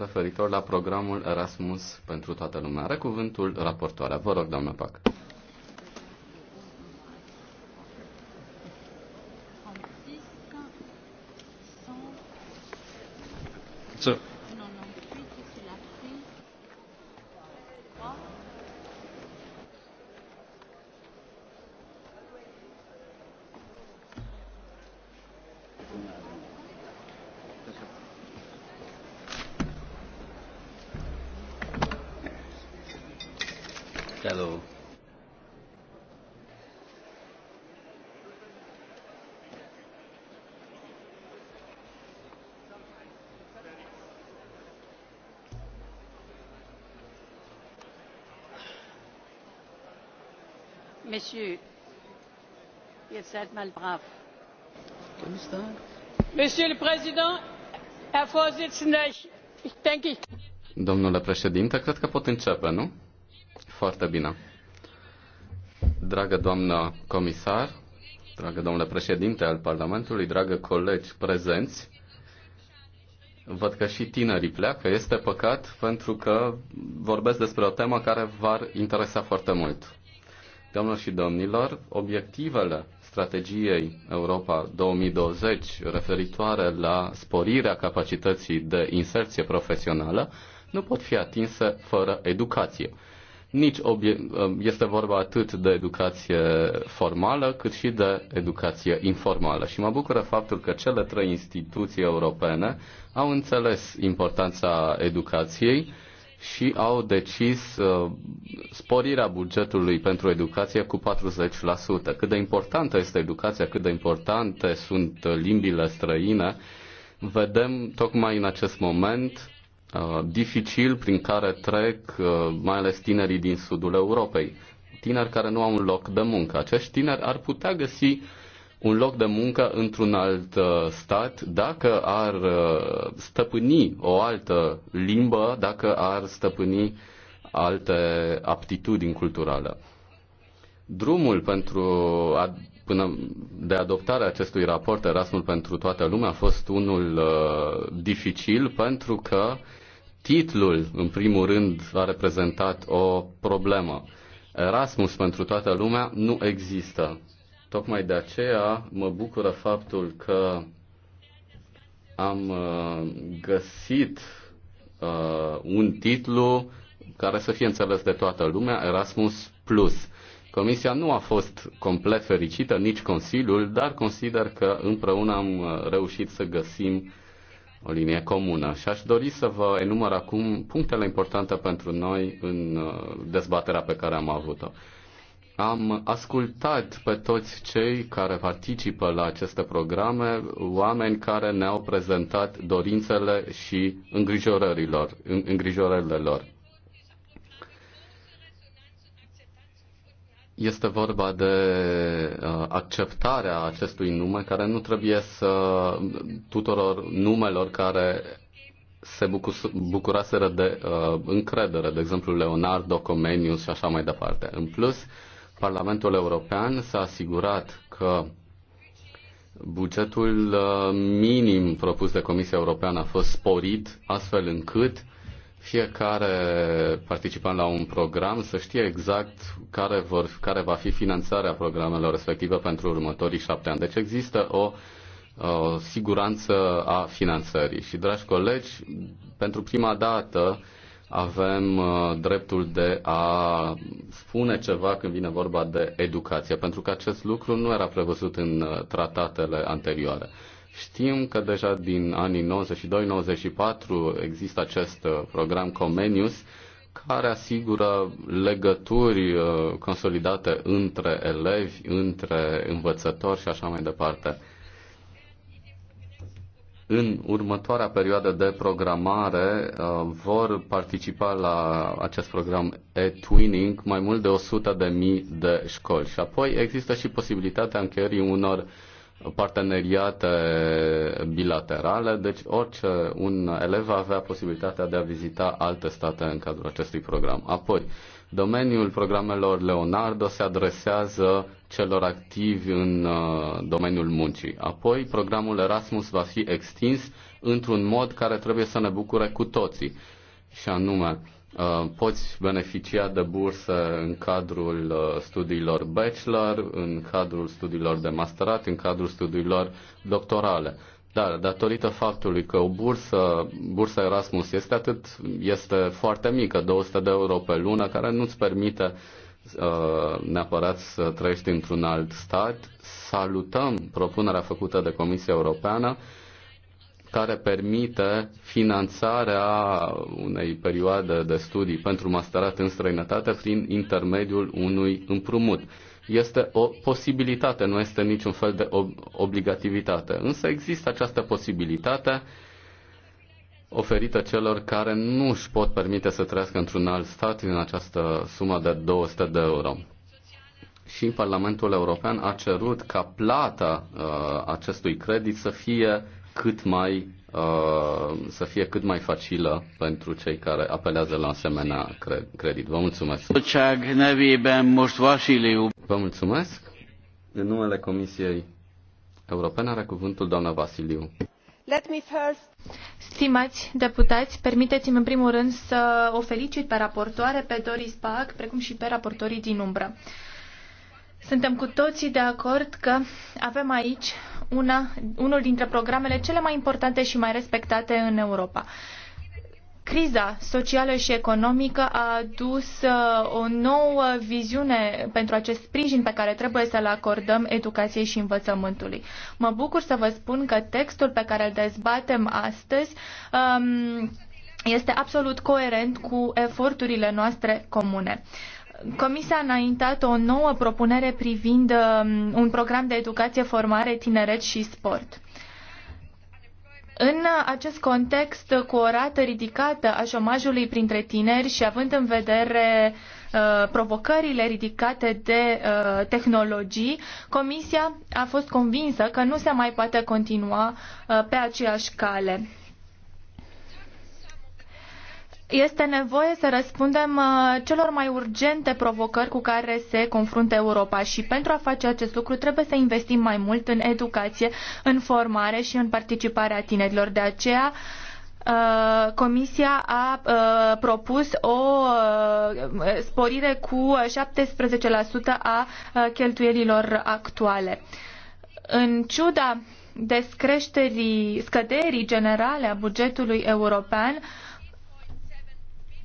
referitor la programul Erasmus pentru toată lumea. Are cuvântul raportoarea. Vă rog, doamnă Pac. So, messieurs, seid mal brav. Domnule președinte, cred că pot începe, nu? Foarte bine. Dragă doamnă comisar, dragă domnule președinte al Parlamentului, dragă colegi prezenți, văd că și tinerii pleacă. Este păcat pentru că vorbesc despre o temă care v-ar interesa foarte mult. Doamnelor și domnilor, obiectivele strategiei Europa 2020 referitoare la sporirea capacității de inserție profesională nu pot fi atinse fără educație. Nici este vorba atât de educație formală, cât și de educație informală. Și mă bucură faptul că cele trei instituții europene au înțeles importanța educației și au decis uh, sporirea bugetului pentru educație cu 40%. Cât de importantă este educația, cât de importante sunt uh, limbile străine, vedem tocmai în acest moment uh, dificil prin care trec mai ales tinerii din sudul Europei, tineri care nu au un loc de muncă. Acești tineri ar putea găsi un loc de muncă într-un alt uh, stat, dacă ar uh, stăpâni o altă limbă, dacă ar stăpâni alte aptitudini culturale. Drumul pentru a, până de adoptarea acestui raport Erasmus pentru toată lumea a fost unul uh, dificil pentru că titlul, în primul rând, a reprezentat o problemă. Erasmus pentru toată lumea nu există. Tocmai de aceea mă bucură faptul că am uh, găsit uh, un titlu care să fie înțeles de toată lumea, Erasmus Plus. Comisia nu a fost complet fericită, nici Consiliul, dar consider că împreună am uh, reușit să găsim o linie comună. Și aș dori să vă enumăr acum punctele importante pentru noi în dezbaterea pe care am avut-o am ascultat pe toți cei care participă la aceste programe, oameni care ne-au prezentat dorințele și îngrijorărilor, îngrijorările lor. Este vorba de uh, acceptarea acestui nume care nu trebuie să tuturor numelor care se bucuraseră de uh, încredere, de exemplu Leonardo, Comenius și așa mai departe. În plus, uh, Parlamentul European s-a asigurat că bugetul uh, minim propus de Comisia Europeană a fost sporit astfel încât fiecare participant la un program să știe exact care, vor, care va fi finanțarea programelor respective pentru următorii șapte ani. Deci există o, o siguranță a finanțării. Și, dragi colegi, pentru prima dată avem uh, dreptul de a spune ceva când vine vorba de educație, pentru că acest lucru nu era prevăzut în uh, tratatele anterioare. Știm că deja din anii 92-94 există acest uh, program Comenius care asigură legături consolidate între elevi, între învățători și așa mai departe în următoarea perioadă de programare uh, vor participa la acest program e-twinning mai mult de 100.000 de de școli. Și apoi există și posibilitatea încheierii unor parteneriate bilaterale, deci orice un elev va avea posibilitatea de a vizita alte state în cadrul acestui program. Apoi, domeniul programelor Leonardo se adresează celor activi în uh, domeniul muncii. Apoi, programul Erasmus va fi extins într-un mod care trebuie să ne bucure cu toții, și anume uh, poți beneficia de bursă în cadrul uh, studiilor bachelor, în cadrul studiilor de masterat, în cadrul studiilor doctorale. Dar datorită faptului că o bursă, bursa Erasmus este atât, este foarte mică, 200 de euro pe lună, care nu-ți permite uh, Uh, neapărat să trăiești într-un alt stat. Salutăm propunerea făcută de Comisia Europeană care permite finanțarea unei perioade de studii pentru masterat în străinătate prin intermediul unui împrumut. Este o posibilitate, nu este niciun fel de ob- obligativitate, însă există această posibilitate uh, oferită celor care nu își pot permite să trăiască într-un alt stat din această sumă de 200 de euro. Și Parlamentul European a cerut ca plata uh, acestui credit să fie cât mai uh, să fie cât mai facilă pentru cei care apelează la asemenea credit. Vă mulțumesc. Vă mulțumesc. În numele Comisiei Europene are cuvântul doamna Vasiliu. Stimați deputați, permiteți-mi în primul rând să o felicit pe raportoare, pe Doris Pac, precum și pe raportorii din umbră. Suntem cu toții de acord că avem aici una, unul dintre programele cele mai importante și mai respectate în Europa. Criza socială și economică a adus uh, o nouă viziune pentru acest sprijin pe care trebuie să-l acordăm educației și învățământului. Mă bucur să vă spun că textul pe care îl dezbatem astăzi um, este absolut coerent cu eforturile noastre comune. Comisia a înaintat o nouă propunere privind um, un program de educație, formare, tineret și sport în acest context, cu o rată ridicată a șomajului printre tineri și având în vedere uh, provocările ridicate de uh, tehnologii, Comisia a fost convinsă că nu se mai poate continua uh, pe aceeași cale este nevoie să răspundem uh, celor mai urgente provocări cu care se confruntă Europa și pentru a face acest lucru trebuie să investim mai mult în educație, în formare și în participarea tinerilor. De aceea, uh, Comisia a uh, propus o sporire cu 17% a cheltuielilor actuale. În ciuda descreșterii, scăderii generale a bugetului european,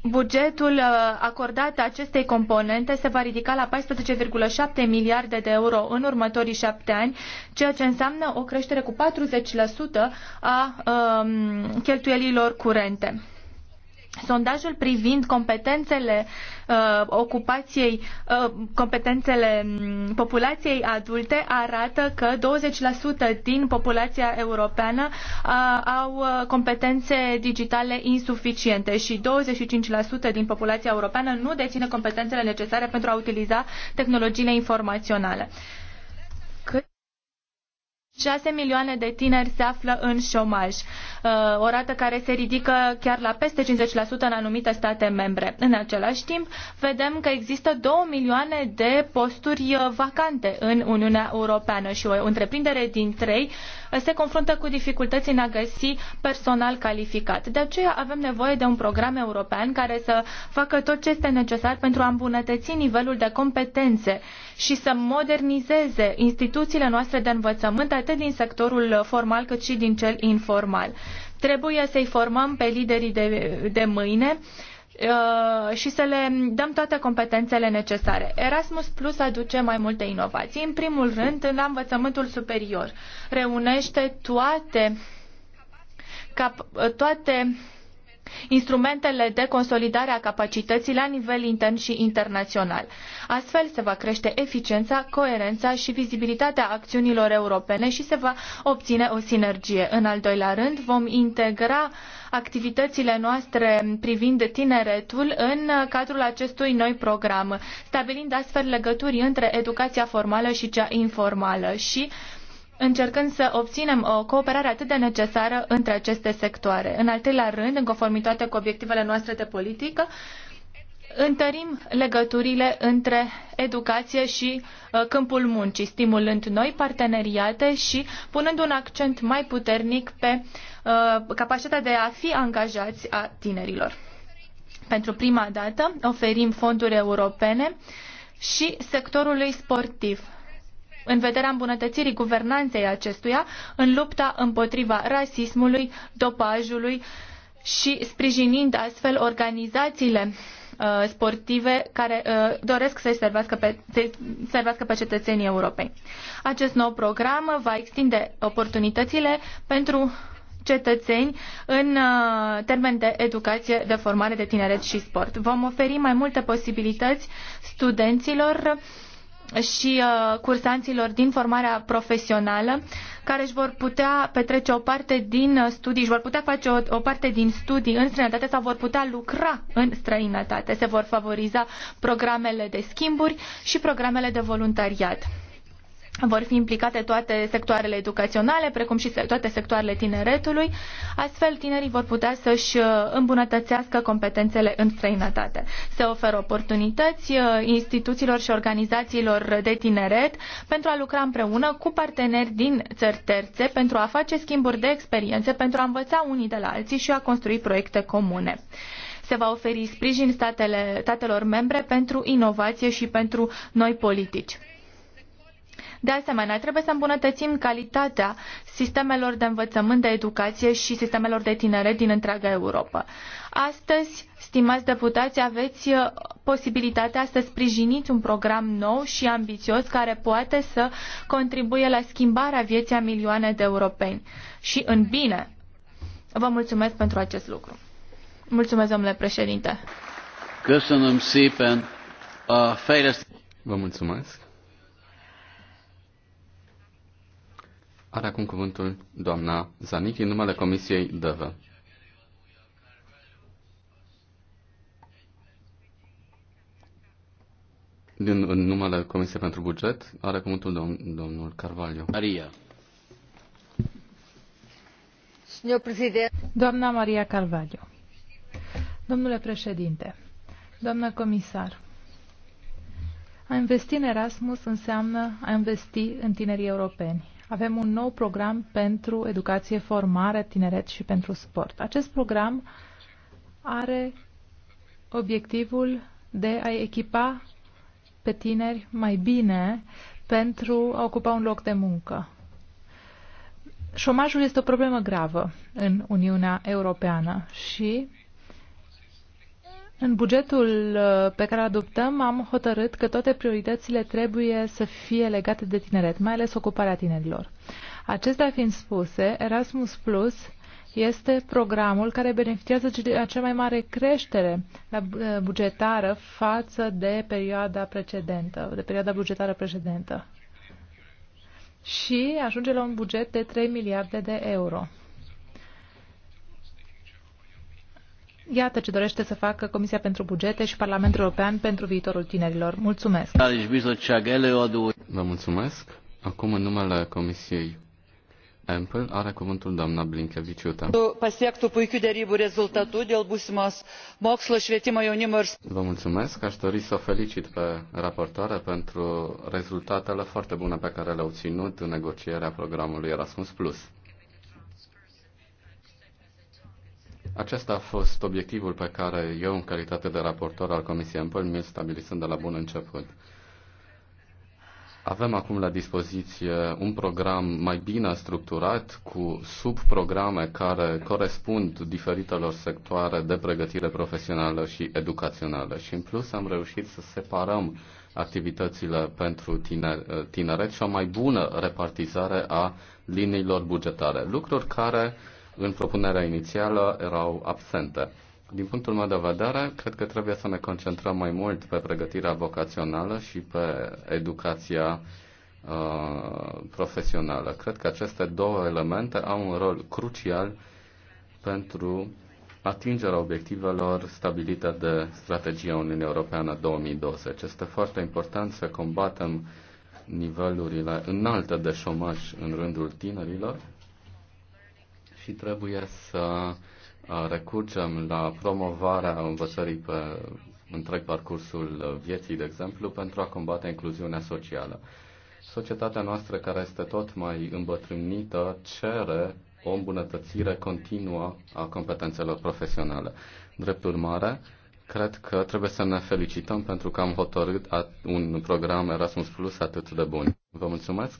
Bugetul uh, acordat acestei componente se va ridica la 14,7 miliarde de euro în următorii șapte ani, ceea ce înseamnă o creștere cu 40% a um, cheltuielilor curente sondajul privind competențele uh, ocupației, uh, competențele mm, populației adulte arată că 20% din populația europeană uh, au uh, competențe digitale insuficiente și 25% din populația europeană nu deține competențele necesare pentru a utiliza tehnologiile informaționale. Uh, 6 milioane de tineri se află în șomaj, uh, o rată care se ridică chiar la peste 50% în anumite state membre. În același timp, vedem că există 2 milioane de posturi uh, vacante în Uniunea Europeană și o întreprindere din 3 se confruntă cu dificultăți în a găsi personal calificat. De aceea avem nevoie de un program european care să facă tot ce este necesar pentru a îmbunătăți nivelul de competențe și să modernizeze instituțiile noastre de învățământ atât din sectorul formal cât și din cel informal. Trebuie să-i formăm pe liderii de, de mâine uh, Uh, și să le dăm toate competențele necesare. Erasmus Plus aduce mai multe inovații. În primul rând, în învățământul superior reunește toate, cap, uh, toate instrumentele de consolidare a capacității la nivel intern și internațional. Astfel se va crește eficiența, coerența și vizibilitatea acțiunilor europene și se va obține o sinergie. În al doilea rând, vom integra uh, activitățile noastre privind tineretul în cadrul acestui noi program, stabilind astfel legături între educația formală și cea informală și încercând să obținem o cooperare atât de necesară între aceste sectoare. În al treilea rând, în conformitate cu obiectivele noastre de politică, întărim legăturile între educație și uh, câmpul muncii, stimulând noi parteneriate și punând un accent mai puternic pe Uh, capacitatea de a fi angajați a tinerilor. Pentru prima dată oferim fonduri europene și sectorului sportiv în vederea îmbunătățirii guvernanței acestuia în lupta împotriva rasismului, dopajului și sprijinind astfel organizațiile uh, sportive care uh, doresc să-i servească pe, să servească pe cetățenii europei. Acest nou program va extinde oportunitățile pentru cetățeni în uh, termen de educație, de formare, de tineret și sport. Vom oferi mai multe posibilități studenților și uh, cursanților din formarea profesională care își vor putea petrece o parte din uh, studii, își vor putea face o, o parte din studii în străinătate sau vor putea lucra în străinătate. Se vor favoriza programele de schimburi și programele de voluntariat vor fi implicate toate sectoarele educaționale, precum și toate sectoarele tineretului. Astfel, tinerii vor putea să-și uh, îmbunătățească competențele în străinătate. Se oferă oportunități uh, instituțiilor și organizațiilor de tineret pentru a lucra împreună cu parteneri din țări terțe, pentru a face schimburi de experiențe, pentru a învăța unii de la alții și a construi proiecte comune se va oferi sprijin statele, statelor membre pentru inovație și pentru noi politici. De asemenea, trebuie să îmbunătățim calitatea sistemelor de învățământ, de educație și sistemelor de tineret din întreaga Europa. Astăzi, stimați deputați, aveți uh, posibilitatea să sprijiniți un program nou și ambițios care poate să contribuie la schimbarea vieții a milioane de europeni. Și în bine, vă mulțumesc pentru acest lucru. Mulțumesc, domnule președinte. Vă mulțumesc. Are acum cuvântul doamna Zanichi în numele Comisiei Dăvă. Din, în numele Comisiei pentru Buget are cuvântul dom, domnul Carvalho. Maria. Doamna Maria Carvalho. Domnule președinte, doamnă comisar, a investi în Erasmus înseamnă a investi în tinerii europeni. Avem un nou program pentru educație, formare, tineret și pentru sport. Acest program are obiectivul de a echipa pe tineri mai bine pentru a ocupa un loc de muncă. Șomajul este o problemă gravă în Uniunea Europeană și în bugetul uh, pe care îl adoptăm am hotărât că toate prioritățile trebuie să fie legate de tineret, mai ales ocuparea tinerilor. Acestea fiind spuse, Erasmus Plus este programul care beneficiază de cea mai mare creștere uh, bugetară față de perioada precedentă, de perioada bugetară precedentă. Și ajunge la un buget de 3 miliarde de euro. Iată ce dorește să facă Comisia pentru Bugete și Parlamentul European pentru viitorul tinerilor. Mulțumesc! Vă mulțumesc! Acum, în numele Comisiei Ample are cuvântul doamna Blinkevičiūtė. Pasiektų Vă mulțumesc, aș dori să o felicit pe raportoare pentru rezultatele foarte bune pe care le-au ținut în negocierea programului Erasmus+. Acesta a fost obiectivul pe care eu, în calitate de raportor al Comisiei Ampel, mi-l stabilisând de la bun început. Avem acum la dispoziție un program mai bine structurat, cu subprograme care corespund diferitelor sectoare de pregătire profesională și educațională. Și în plus am reușit să separăm activitățile pentru tineret și o mai bună repartizare a liniilor bugetare. Lucruri care în propunerea inițială erau absente. Din punctul meu de vedere, cred că trebuie să ne concentrăm mai mult pe pregătirea vocațională și pe educația uh, profesională. Cred că aceste două elemente au un rol crucial pentru atingerea obiectivelor stabilite de strategia Uniunii Europeană 2020. Este foarte important să combatem nivelurile înalte de șomaj în rândul tinerilor și trebuie să uh, recurgem la promovarea învățării pe întreg parcursul vieții, de exemplu, pentru a combate incluziunea socială. Societatea noastră, care este tot mai îmbătrânită, cere o îmbunătățire continuă a competențelor profesionale. Drept urmare, cred că trebuie să ne felicităm pentru că am hotărât un program Erasmus Plus atât de bun. Vă mulțumesc!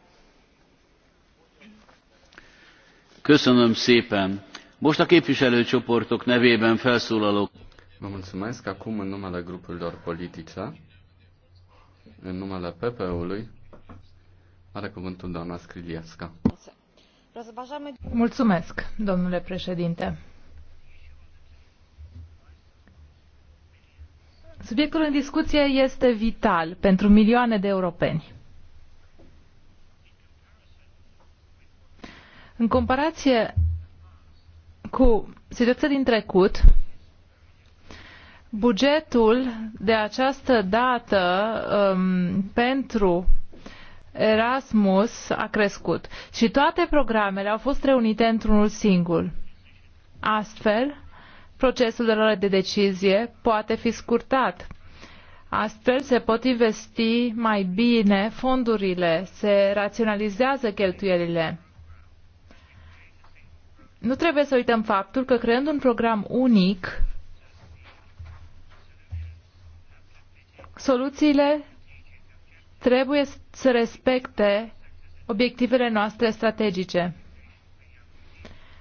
Most a képviselőcsoportok nevében felszólalok. Vă mulțumesc. Acum, în numele grupurilor politice, în numele PP-ului, are cuvântul doamna Scrilievska. Mulțumesc, domnule președinte. Subiectul în discuție este vital pentru milioane de europeni. În comparație cu situația din trecut, bugetul de această dată um, pentru Erasmus a crescut și toate programele au fost reunite într-unul singur. Astfel, procesul de luare de decizie poate fi scurtat. Astfel se pot investi mai bine fondurile, se raționalizează cheltuielile nu trebuie să uităm faptul că creând un program unic, soluțiile trebuie să respecte obiectivele noastre strategice.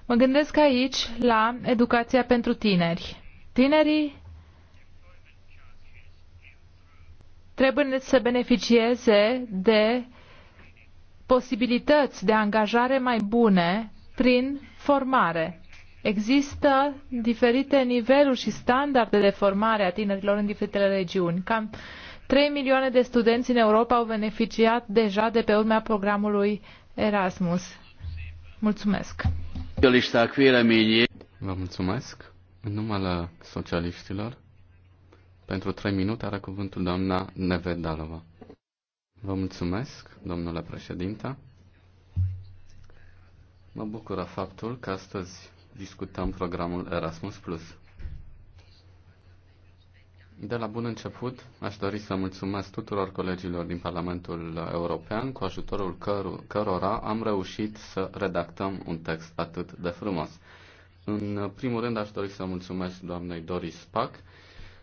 Mă gândesc aici la educația pentru tineri. Tinerii trebuie să beneficieze de posibilități de angajare mai bune prin Formare. Există diferite niveluri și standarde de formare a tinerilor în diferitele regiuni. Cam 3 milioane de studenți în Europa au beneficiat deja de pe urmea programului Erasmus. Mulțumesc! Vă mulțumesc! În numele socialiștilor, pentru 3 minute are cuvântul doamna Nevedalova. Vă mulțumesc, domnule președinte. Mă bucură faptul că astăzi discutăm programul Erasmus+. De la bun început, aș dori să mulțumesc tuturor colegilor din Parlamentul European, cu ajutorul căru- cărora am reușit să redactăm un text atât de frumos. În primul rând, aș dori să mulțumesc doamnei Doris Pack,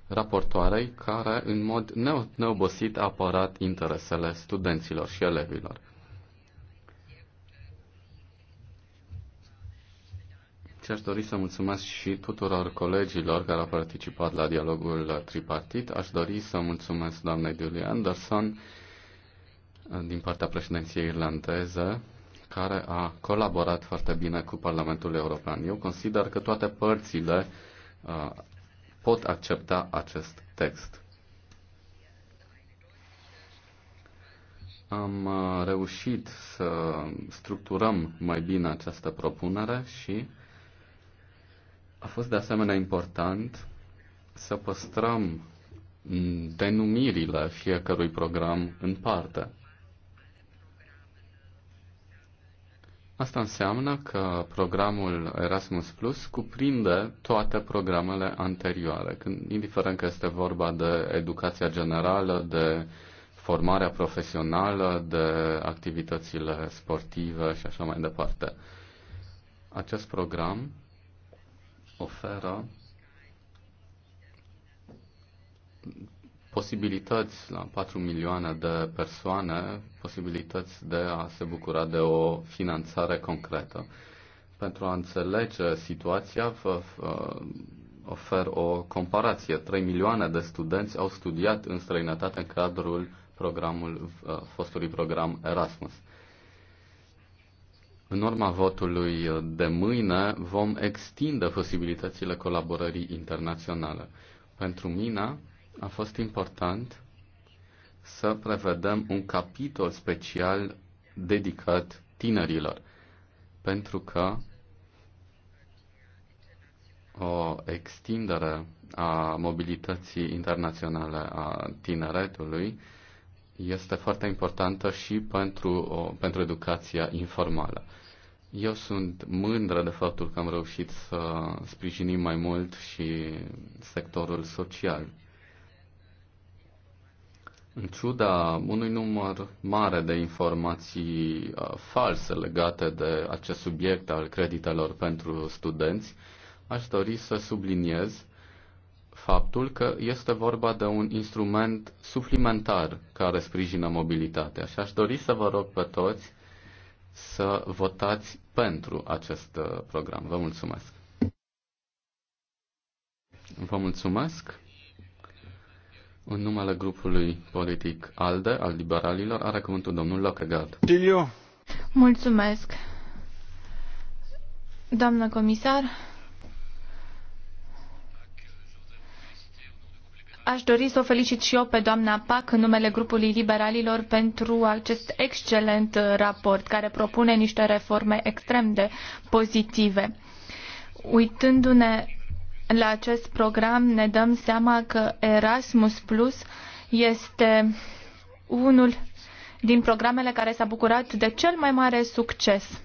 raportoarei, care în mod neobosit a apărat interesele studenților și elevilor. Și deci aș dori să mulțumesc și tuturor colegilor care au participat la dialogul tripartit. Aș dori să mulțumesc doamnei Julie Anderson eh, din partea președinției irlandeze, care a colaborat foarte bine cu Parlamentul European. Eu consider că toate părțile eh, pot accepta acest text. Am eh, reușit să structurăm mai bine această propunere și a fost de asemenea important să păstrăm denumirile fiecărui program în parte. Asta înseamnă că programul Erasmus Plus cuprinde toate programele anterioare, când, indiferent că este vorba de educația generală, de formarea profesională, de activitățile sportive și așa mai departe. Acest program oferă posibilități la 4 milioane de persoane, posibilități de a se bucura de o finanțare concretă. Pentru a înțelege situația, vă ofer o comparație. 3 milioane de studenți au studiat în străinătate în cadrul programul, uh, fostului program Erasmus. În urma votului de mâine vom extinde posibilitățile colaborării internaționale. Pentru mine a fost important să prevedem un capitol special dedicat tinerilor, pentru că o extindere a mobilității internaționale a tineretului este foarte importantă și pentru, o, pentru educația informală. Eu sunt mândră de faptul că am reușit să sprijinim mai mult și sectorul social. În ciuda unui număr mare de informații uh, false legate de acest subiect al creditelor pentru studenți, aș dori să subliniez faptul că este vorba de un instrument suplimentar care sprijină mobilitatea și aș dori să vă rog pe toți să votați pentru acest uh, program. Vă mulțumesc! Vă mulțumesc! În numele grupului politic ALDE, al liberalilor, are cuvântul domnul Lockegaard. Silio! Mulțumesc! Doamnă comisar, Aș dori să o felicit și eu pe doamna Pac în numele grupului liberalilor pentru acest excelent uh, raport care propune niște reforme extrem de pozitive. Uitându-ne la acest program, ne dăm seama că Erasmus Plus este unul din programele care s-a bucurat de cel mai mare succes.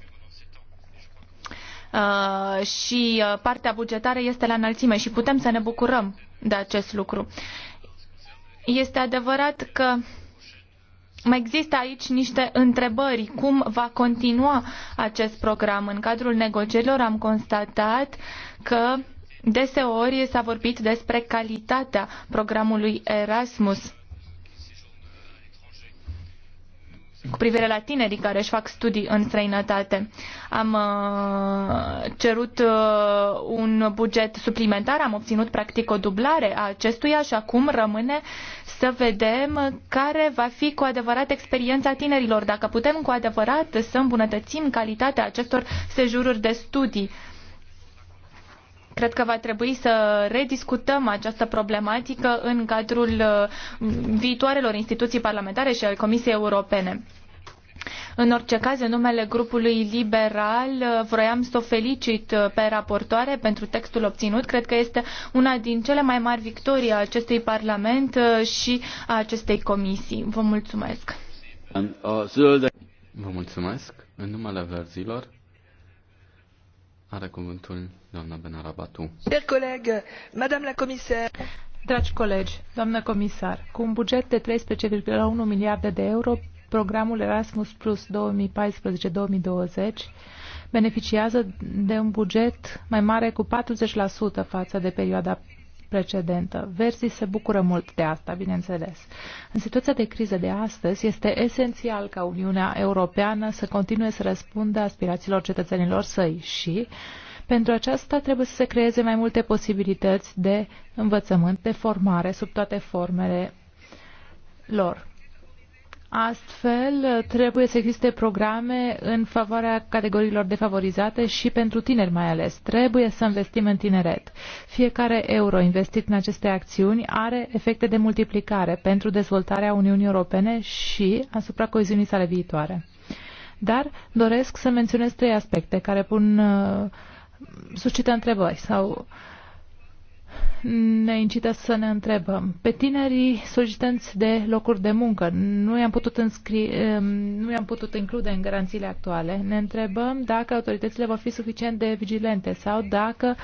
Uh, și uh, partea bugetară este la înălțime și putem să ne bucurăm de acest lucru. Este adevărat că mai există aici niște întrebări. Cum va continua acest program? În cadrul negocierilor am constatat că deseori s-a vorbit despre calitatea programului Erasmus cu privire la tinerii care își fac studii în străinătate. Am uh, cerut uh, un buget suplimentar, am obținut practic o dublare a acestuia și acum rămâne să vedem care va fi cu adevărat experiența tinerilor, dacă putem cu adevărat să îmbunătățim calitatea acestor sejururi de studii. Cred că va trebui să rediscutăm această problematică în cadrul uh, viitoarelor instituții parlamentare și al Comisiei Europene. În orice caz, în numele grupului liberal, uh, vroiam să o felicit uh, pe raportoare pentru textul obținut. Cred că este una din cele mai mari victorii a acestui Parlament și a acestei comisii. Vă mulțumesc! Vă mulțumesc! În numele verzilor, are cuvântul doamna Benarabatu. Dragi colegi, doamnă comisar, cu un buget de 13,1 miliarde de euro, programul Erasmus Plus 2014-2020 beneficiază de un buget mai mare cu 40% față de perioada precedentă. Verzi se bucură mult de asta, bineînțeles. În situația de criză de astăzi, este esențial ca Uniunea Europeană să continue să răspundă aspirațiilor cetățenilor săi și pentru aceasta trebuie să se creeze mai multe posibilități de învățământ, de formare sub toate formele lor. Astfel, trebuie să existe programe în favoarea categoriilor defavorizate și pentru tineri mai ales. Trebuie să investim în tineret. Fiecare euro investit în aceste acțiuni are efecte de multiplicare pentru dezvoltarea Uniunii Europene și asupra coeziunii sale viitoare. Dar doresc să menționez trei aspecte care pun, uh, suscită întrebări sau uh, ne incită să ne întrebăm. Pe tinerii solicitanți de locuri de muncă, nu i-am putut, înscri, nu i-am putut include în garanțiile actuale. Ne întrebăm dacă autoritățile vor fi suficient de vigilente sau dacă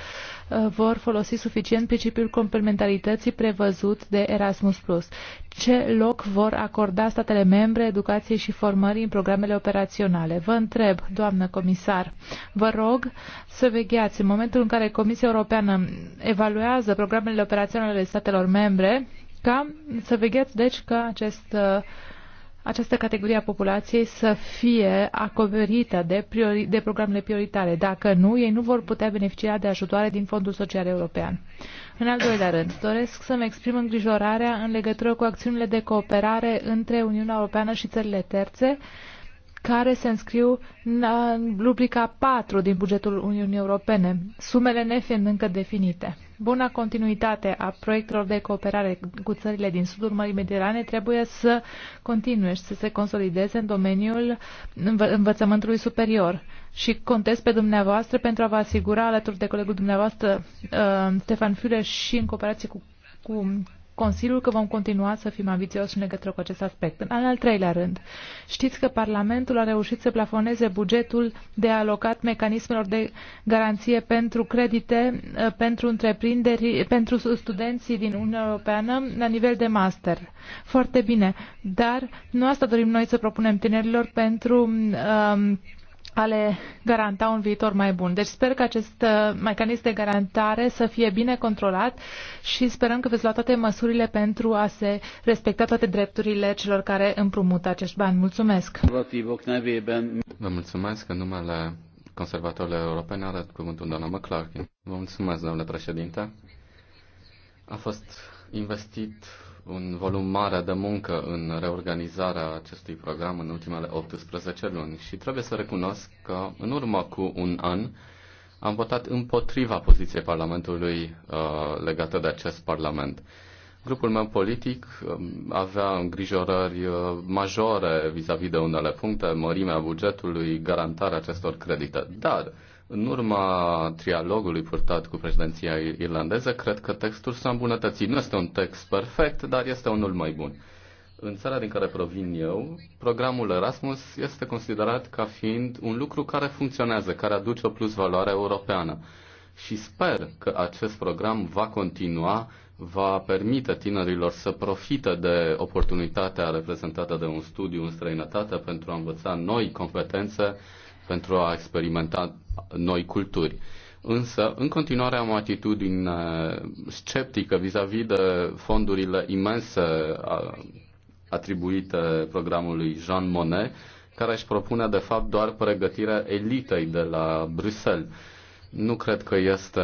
Uh, vor folosi suficient principiul complementarității prevăzut de Erasmus+. Ce loc vor acorda statele membre educației și formării în programele operaționale? Vă întreb, doamnă comisar, vă rog să vegheați în momentul în care Comisia Europeană evaluează programele operaționale ale statelor membre, ca să vegheați deci că acest uh, această categorie a populației să fie acoperită de, priori, de programele prioritare. Dacă nu, ei nu vor putea beneficia de ajutoare din Fondul Social European. În al doilea rând, doresc să-mi exprim îngrijorarea în legătură cu acțiunile de cooperare între Uniunea Europeană și țările terțe care se înscriu în rubrica 4 din bugetul Uniunii Europene, sumele nefiind încă definite. Buna continuitate a proiectelor de cooperare cu țările din sudul Mării Mediterane trebuie să continue și să se consolideze în domeniul învă învățământului superior. Și contez pe dumneavoastră pentru a vă asigura, alături de colegul dumneavoastră uh, Stefan Fiule și în cooperație cu, cu Consiliul că vom continua să fim ambițioși în legătură cu acest aspect. În al treilea rând, știți că Parlamentul a reușit să plafoneze bugetul de alocat mecanismelor de garanție pentru credite uh, pentru întreprinderi, pentru studenții din Uniunea Europeană la nivel de master. Foarte bine, dar nu asta dorim noi să propunem tinerilor pentru um, a le garanta un viitor mai bun. Deci sper că acest uh, mecanism de garantare să fie bine controlat și sperăm că veți lua toate măsurile pentru a se respecta toate drepturile celor care împrumută acești bani. Mulțumesc! Vă mulțumesc în numele conservatorilor europene are cuvântul doamna McClarkin. Vă mulțumesc, domnule președinte. A fost investit un volum mare de muncă în reorganizarea acestui program în ultimele 18 luni și trebuie să recunosc că în urmă cu un an am votat împotriva poziției Parlamentului uh, legată de acest Parlament. Grupul meu politic um, avea îngrijorări uh, majore vis-a-vis -vis de unele puncte, mărimea bugetului, garantarea acestor credite. Dar în urma trialogului purtat cu președinția irlandeză, cred că textul s-a îmbunătățit. Nu este un text perfect, dar este unul mai bun. În țara din care provin eu, programul Erasmus este considerat ca fiind un lucru care funcționează, care aduce o plus valoare europeană. Și sper că acest program va continua, va permite tinerilor să profite de oportunitatea reprezentată de un studiu în străinătate pentru a învăța noi competențe, pentru a experimenta noi culturi. Însă, în continuare am o atitudine uh, sceptică vis-a-vis -vis de fondurile imense uh, atribuite programului Jean Monnet, care își propune de fapt doar pregătirea elitei de la Bruxelles. Nu cred că este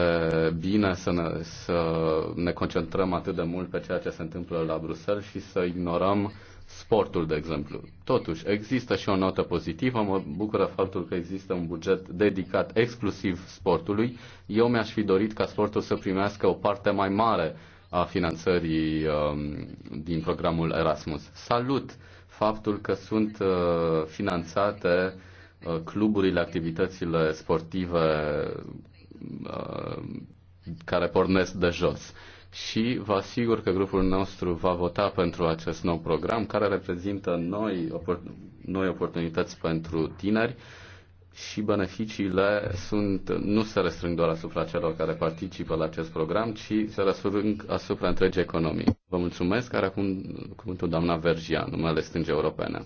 bine să ne, să ne concentrăm atât de mult pe ceea ce se întâmplă la Bruxelles și să ignorăm sportul, de exemplu. Totuși, există și o notă pozitivă, mă bucură faptul că există un buget dedicat exclusiv sportului. Eu mi-aș fi dorit ca sportul să primească o parte mai mare a finanțării um, din programul Erasmus. Salut faptul că sunt uh, finanțate uh, cluburile, activitățile sportive uh, care pornesc de jos. Uh, și vă asigur că grupul nostru va vota pentru acest nou program care reprezintă noi, opor- noi oportunități pentru tineri și beneficiile sunt, nu se restrâng doar asupra celor care participă la acest program, ci se restrâng asupra întregii economii. Vă mulțumesc, care acum cuvântul doamna Vergia, numele stânge europene.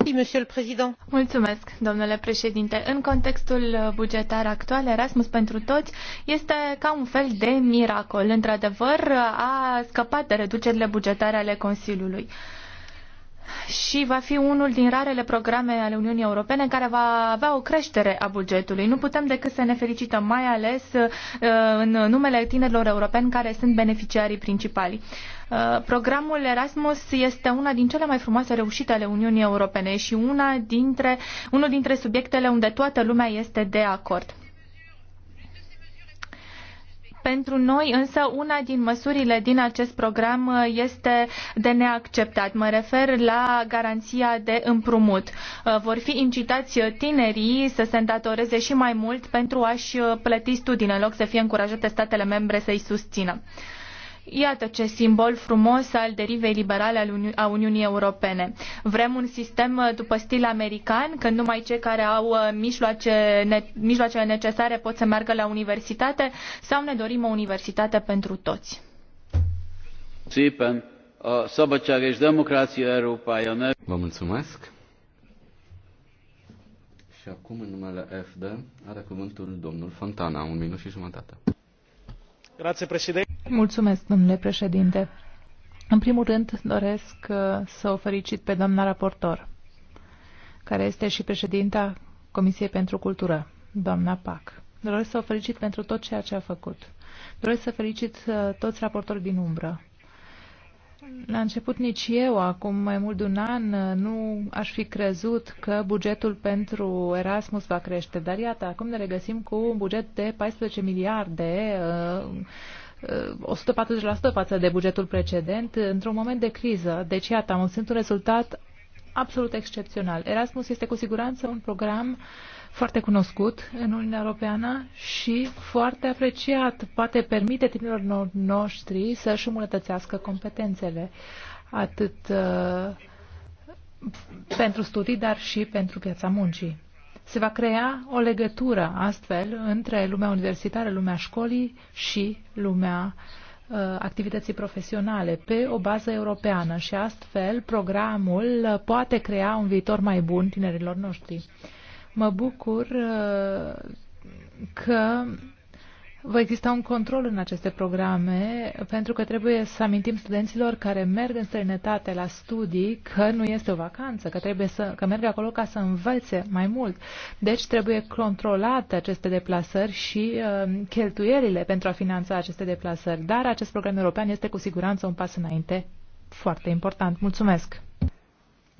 Mulțumesc, domnule președinte. În contextul bugetar actual, Erasmus pentru toți este ca un fel de miracol. Într-adevăr, a scăpat de reducerile bugetare ale Consiliului și va fi unul din rarele programe ale Uniunii Europene care va avea o creștere a bugetului. Nu putem decât să ne felicităm, mai ales uh, în numele tinerilor europeni care sunt beneficiarii principali. Uh, programul Erasmus este una din cele mai frumoase reușite ale Uniunii Europene și una dintre, unul dintre subiectele unde toată lumea este de acord. Pentru noi însă una din măsurile din acest program uh, este de neacceptat. Mă refer la garanția de împrumut. Uh, vor fi incitați uh, tinerii să se îndatoreze și mai mult pentru a-și plăti studiile, în loc să fie încurajate statele membre să-i susțină. Iată ce simbol frumos al derivei liberale a Uniunii Europene. Vrem un sistem uh, după stil american, când numai cei care au uh, mijloace, ne- mijloacele necesare pot să meargă la universitate sau ne dorim o universitate pentru toți? Vă mulțumesc. Și acum, în numele FD, are cuvântul domnul Fontana, un minut și jumătate. Mulțumesc, domnule președinte. În primul rând, doresc uh, să o felicit pe doamna raportor, care este și președinta Comisiei pentru Cultură, doamna PAC. Doresc să o felicit pentru tot ceea ce a făcut. Doresc să felicit uh, toți raportorii din umbră, la început nici eu, acum mai mult de un an, nu aș fi crezut că bugetul pentru Erasmus va crește. Dar iată, acum ne regăsim cu un buget de 14 miliarde, 140% uh, uh, față de bugetul precedent, într-un moment de criză. Deci iată, am obținut un rezultat absolut excepțional. Erasmus este cu siguranță un program uh, foarte cunoscut în Uniunea Europeană și foarte apreciat. Poate permite tinerilor noștri să-și îmbunătățească competențele, atât uh, pentru studii, dar și pentru piața muncii. Se va crea o legătură astfel între lumea universitară, lumea școlii și lumea uh, activității profesionale pe o bază europeană și astfel programul poate crea un viitor mai bun tinerilor noștri. Mă bucur uh, că va exista un control în aceste programe, pentru că trebuie să amintim studenților care merg în străinătate la studii că nu este o vacanță, că trebuie să că merg acolo ca să învețe mai mult. Deci trebuie controlate aceste deplasări și uh, cheltuielile pentru a finanța aceste deplasări. Dar acest program european este cu siguranță un pas înainte foarte important. Mulțumesc!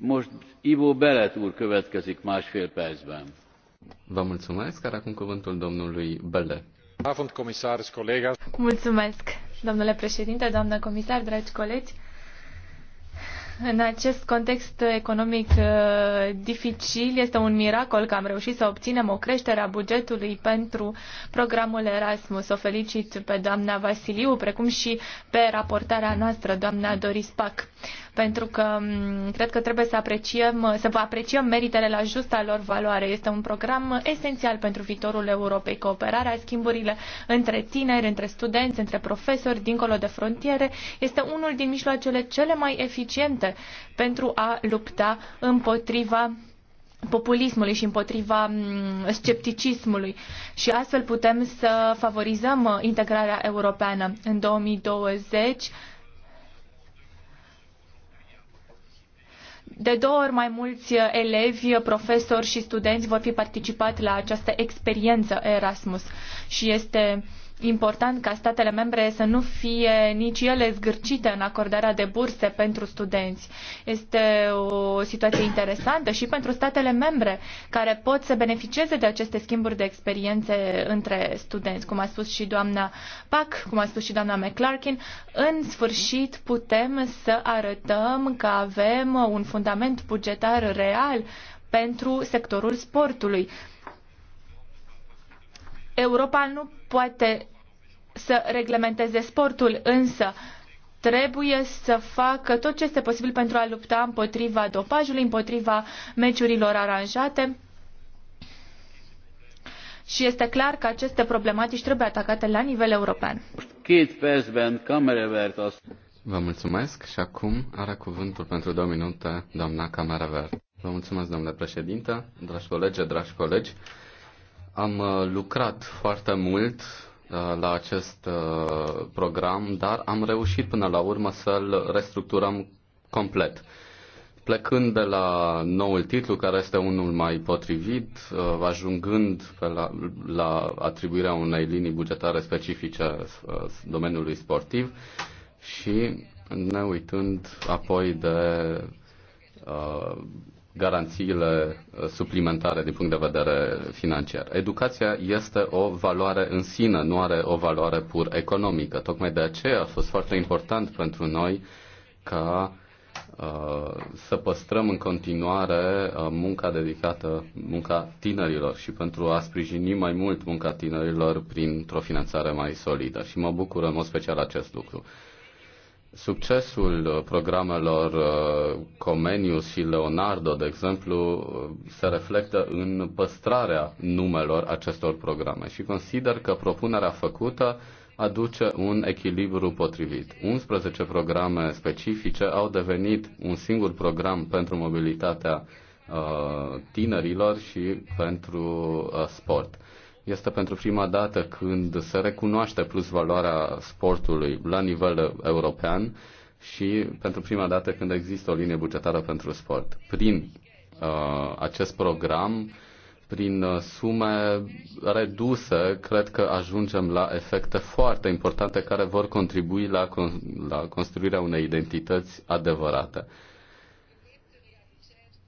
Most Ivo Belet úr következik másfél percben. Vă mulțumesc, care acum cuvântul colega. Mulțumesc, domnule președinte, doamnă comisar, dragi colegi. În acest context economic uh, dificil, este un miracol că am reușit să obținem o creștere a bugetului pentru programul Erasmus. O felicit pe doamna Vasiliu, precum și pe raportarea noastră, doamna Doris Pac pentru că mm, cred că trebuie să apreciem, să vă apreciem meritele la justa lor valoare. Este un program esențial pentru viitorul Europei, cooperarea, schimburile între tineri, între studenți, între profesori, dincolo de frontiere, este unul din mijloacele cele mai eficiente pentru a lupta împotriva populismului și împotriva mm, scepticismului și astfel putem să favorizăm integrarea europeană. În 2020 De două ori mai mulți elevi, profesori și studenți vor fi participat la această experiență Erasmus și este important ca statele membre să nu fie nici ele zgârcite în acordarea de burse pentru studenți. Este o situație interesantă și pentru statele membre care pot să beneficieze de aceste schimburi de experiențe între studenți, cum a spus și doamna Pac, cum a spus și doamna McClarkin. În sfârșit putem să arătăm că avem un fundament bugetar real pentru sectorul sportului Europa nu poate să reglementeze sportul, însă trebuie să facă tot ce este posibil pentru a lupta împotriva dopajului, împotriva meciurilor aranjate. Și este clar că aceste problematici trebuie atacate la nivel european. Vă mulțumesc și acum are cuvântul pentru două minute doamna Camerevert. Vă mulțumesc, domnule președinte, dragi colegi, dragi colegi. Am uh, lucrat foarte mult uh, la acest uh, program, dar am reușit până la urmă să-l restructurăm complet. Plecând de la noul titlu, care este unul mai potrivit, ajungând pe la, la atribuirea unei linii bugetare specifice domeniului sportiv și ne uitând apoi de garanțiile uh, suplimentare din punct de vedere financiar. Educația este o valoare în sine, nu are o valoare pur economică. Tocmai de aceea a fost foarte important pentru noi ca uh, să păstrăm în continuare uh, munca dedicată, munca tinerilor și pentru a sprijini mai mult munca tinerilor printr-o finanțare mai solidă. Și mă bucur în mod special acest lucru. Succesul uh, programelor uh, Comenius și Leonardo, de exemplu, uh, se reflectă în păstrarea numelor acestor programe și consider că propunerea făcută aduce un echilibru potrivit. 11 programe specifice au devenit un singur program pentru mobilitatea tinerilor și pentru sport. Este pentru prima dată când se recunoaște plus valoarea sportului la nivel european și pentru prima dată când există o linie bugetară pentru sport. Prin uh, acest program, prin uh, sume reduse, cred că ajungem la efecte foarte importante care vor contribui la, con- la construirea unei identități adevărate.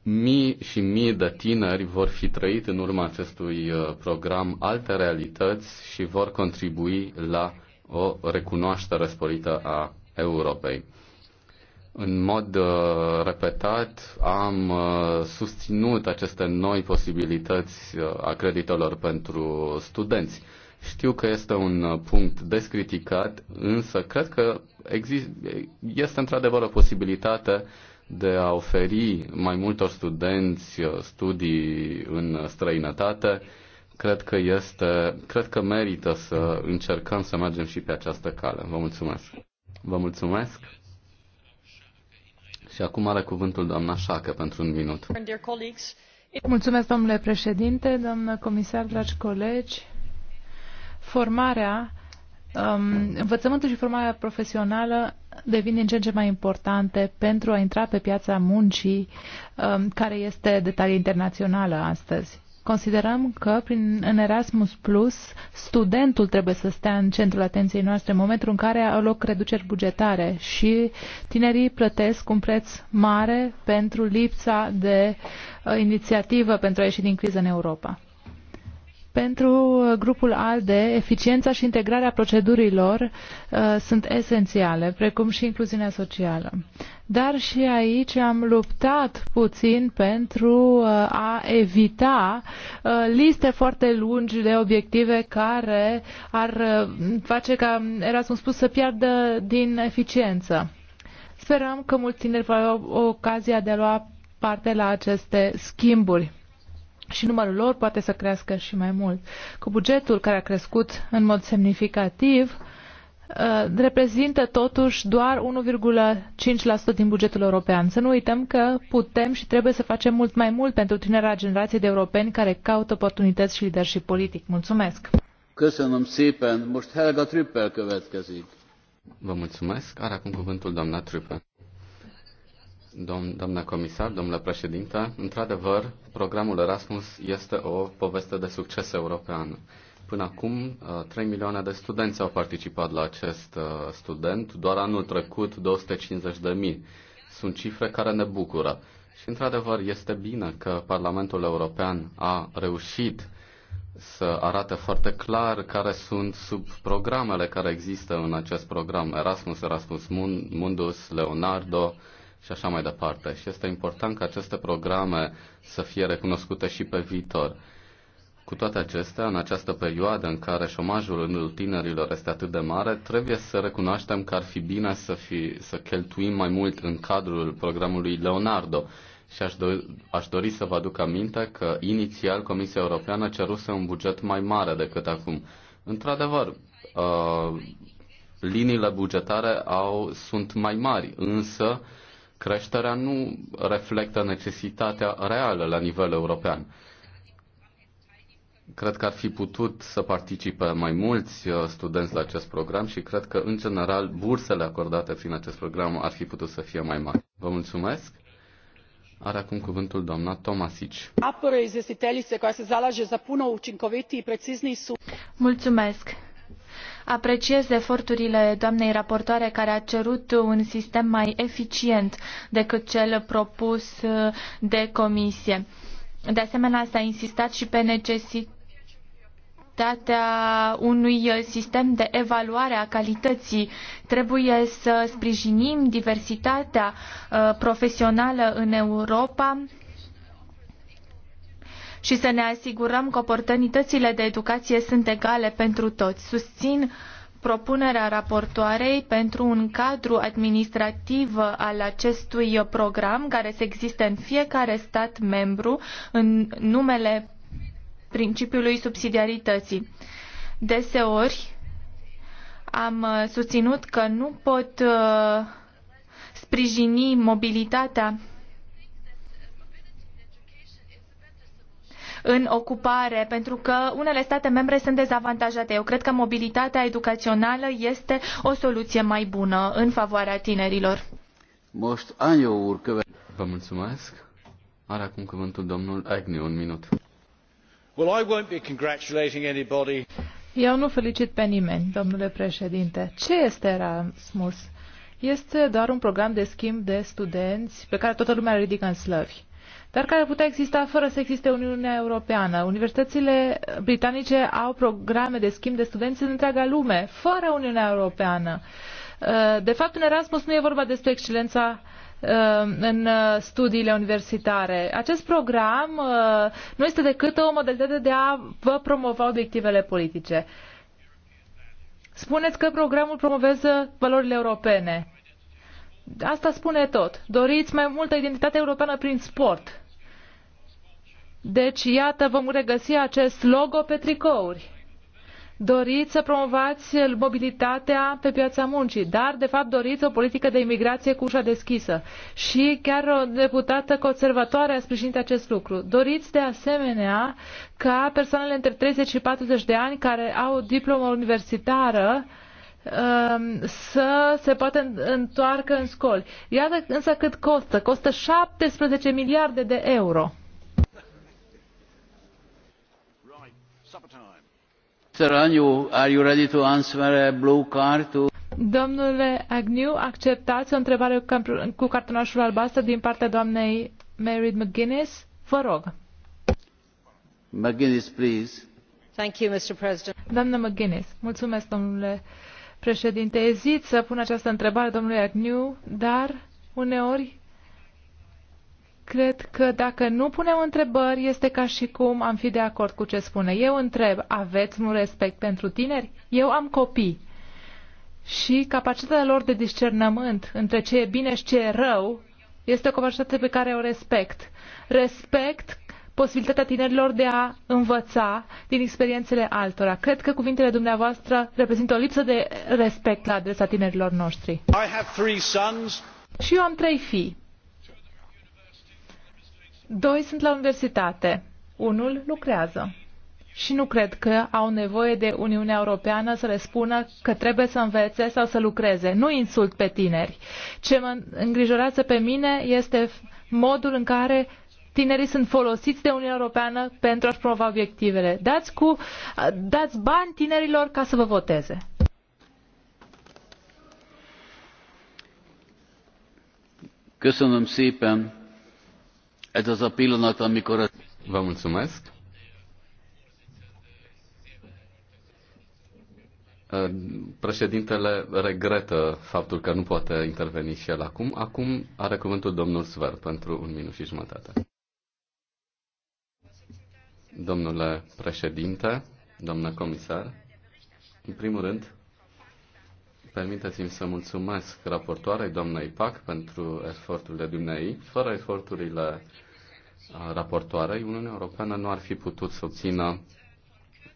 Mii și mii de tineri vor fi trăit în urma acestui uh, program alte realități și vor contribui la o recunoaștere sporită a Europei. În mod uh, repetat am uh, susținut aceste noi posibilități a creditelor pentru studenți. Știu că este un punct descriticat, însă cred că există este într-adevăr o posibilitate uh, de a oferi mai multor studenți uh, studii în străinătate, cred că, este, cred că merită să încercăm să mergem și pe această cale. Vă mulțumesc! Vă mulțumesc! Și acum are cuvântul doamna Șacă pentru un minut. Mulțumesc, domnule președinte, doamnă comisar, dragi colegi. Formarea, um, învățământul și formarea profesională devin din ce în ce mai importante pentru a intra pe piața muncii, um, care este de talie internațională astăzi. Considerăm că prin, în Erasmus Plus studentul trebuie să stea în centrul atenției noastre în momentul în care au loc reduceri bugetare și tinerii plătesc un preț mare pentru lipsa de uh, inițiativă pentru a ieși din criză în Europa. Pentru grupul ALDE, eficiența și integrarea procedurilor uh, sunt esențiale, precum și incluziunea socială. Dar și aici am luptat puțin pentru uh, a evita uh, liste foarte lungi de obiective care ar uh, face ca Erasmus Plus să piardă din eficiență. Sperăm că mulți tineri vor avea ocazia de a lua parte la aceste schimburi și numărul lor poate să crească și mai mult. Cu bugetul care a crescut în mod semnificativ, uh, reprezintă totuși doar 1,5% din bugetul european. Să nu uităm că putem și trebuie să facem mult mai mult pentru tinerea generație de europeni care caută oportunități și leadership politic. Mulțumesc! Köszönöm szépen. Most Helga Trüppel következik. Vă mulțumesc. Are acum cuvântul doamna Trüppel. Domn, doamna comisar, domnule președinte, într-adevăr, programul Erasmus este o poveste de succes european. Până acum, 3 uh, milioane de studenți au participat la acest uh, student, doar anul trecut 250 de mii. Sunt cifre care ne bucură. Și, într-adevăr, este bine că Parlamentul European a reușit să arate foarte clar care sunt subprogramele care există în acest program. Erasmus, Erasmus Mundus, Leonardo, și așa mai departe. Și este important ca aceste programe să fie recunoscute și pe viitor. Cu toate acestea, în această perioadă în care șomajul în rândul tinerilor este atât de mare, trebuie să recunoaștem că ar fi bine să, fi, să cheltuim mai mult în cadrul programului Leonardo. Și aș, do- aș dori să vă aduc aminte că inițial Comisia Europeană ceruse un buget mai mare decât acum. Într-adevăr, uh, liniile bugetare au, sunt mai mari, însă uh, creșterea nu reflectă necesitatea reală la nivel european. Cred că ar fi putut să participe mai mulți uh, studenți la acest program și cred că, în general, bursele acordate prin acest program ar fi putut să fie mai mari. Vă mulțumesc! Are acum cuvântul doamna Tomasic. Mulțumesc! Apreciez eforturile doamnei raportoare care a cerut un sistem mai eficient decât cel propus uh, de comisie. De asemenea, s-a insistat și pe necesitatea necesitatea unui uh, sistem de evaluare a calității. Trebuie să sprijinim diversitatea uh, profesională în Europa și să ne asigurăm că oportunitățile de educație sunt egale pentru toți. Susțin propunerea raportoarei pentru un cadru administrativ al acestui program care să existe în fiecare stat membru în numele principiului subsidiarității. Deseori am susținut că nu pot uh, sprijini mobilitatea în ocupare, pentru că unele state membre sunt dezavantajate. Eu cred că mobilitatea educațională este o soluție mai bună în favoarea tinerilor. Most Vă mulțumesc. Are acum cuvântul domnul Agnew, un minut. Well, I won't be congratulating anybody. Eu nu felicit pe nimeni, domnule președinte. Ce este Erasmus? Este doar un program de schimb de studenți pe care toată lumea îl ridică în slăvi dar care putea exista fără să existe Uniunea Europeană. Universitățile britanice au programe de schimb de studenți în întreaga lume, fără Uniunea Europeană. Uh, de fapt, în Erasmus nu e vorba despre excelența uh, în uh, studiile universitare. Acest program nu este decât o modalitate de a vă promova obiectivele politice. Spuneți că programul promovează valorile europene. Asta spune tot. Doriți mai multă identitate europeană prin sport. Deci, iată, vom regăsi acest logo pe tricouri. Doriți să promovați mobilitatea pe piața muncii, dar de fapt doriți o politică de imigrație cu ușa deschisă. Și chiar o deputată conservatoare a sprijinit acest lucru. Doriți de asemenea ca persoanele între 30 și 40 de ani care au o diplomă universitară um, să se poată întoarcă în școli. Iată însă cât costă. Costă 17 miliarde de euro. Domnule Agnew, acceptați o întrebare cu cartonașul albastru din partea doamnei Mary McGuinness? Vă rog. McGuinness, please. Thank you, Mr. President. Doamna McGuinness, mulțumesc, domnule președinte. Ezit să pun această întrebare domnului Agnew, dar uneori Cred că dacă nu punem întrebări, este ca și cum am fi de acord cu ce spune. Eu întreb, aveți un respect pentru tineri? Eu am copii. Și capacitatea lor de discernământ între ce e bine și ce e rău este o capacitate pe care o respect. Respect posibilitatea tinerilor de a învăța din experiențele altora. Cred că cuvintele dumneavoastră reprezintă o lipsă de respect la adresa tinerilor noștri. I have three sons. Și eu am trei fii Doi sunt la universitate, unul lucrează. Și nu cred că au nevoie de Uniunea Europeană să le spună că trebuie să învețe sau să lucreze. Nu insult pe tineri. Ce mă îngrijorează pe mine este modul în care tinerii sunt folosiți de Uniunea Europeană pentru a-și promova obiectivele. Dați, cu, dați bani tinerilor ca să vă voteze. Köszönöm szépen! Ez az a pillanat, amikor a... Vă mulțumesc. Președintele regretă faptul că nu poate interveni și el acum. Acum are cuvântul domnul Sver pentru un minut și jumătate. Domnule președinte, domnule comisar, în primul rând, Permiteți-mi să mulțumesc raportoarei doamnei PAC pentru eforturile dumnei. Fără eforturile raportoarei, Uniunea Europeană nu ar fi putut să obțină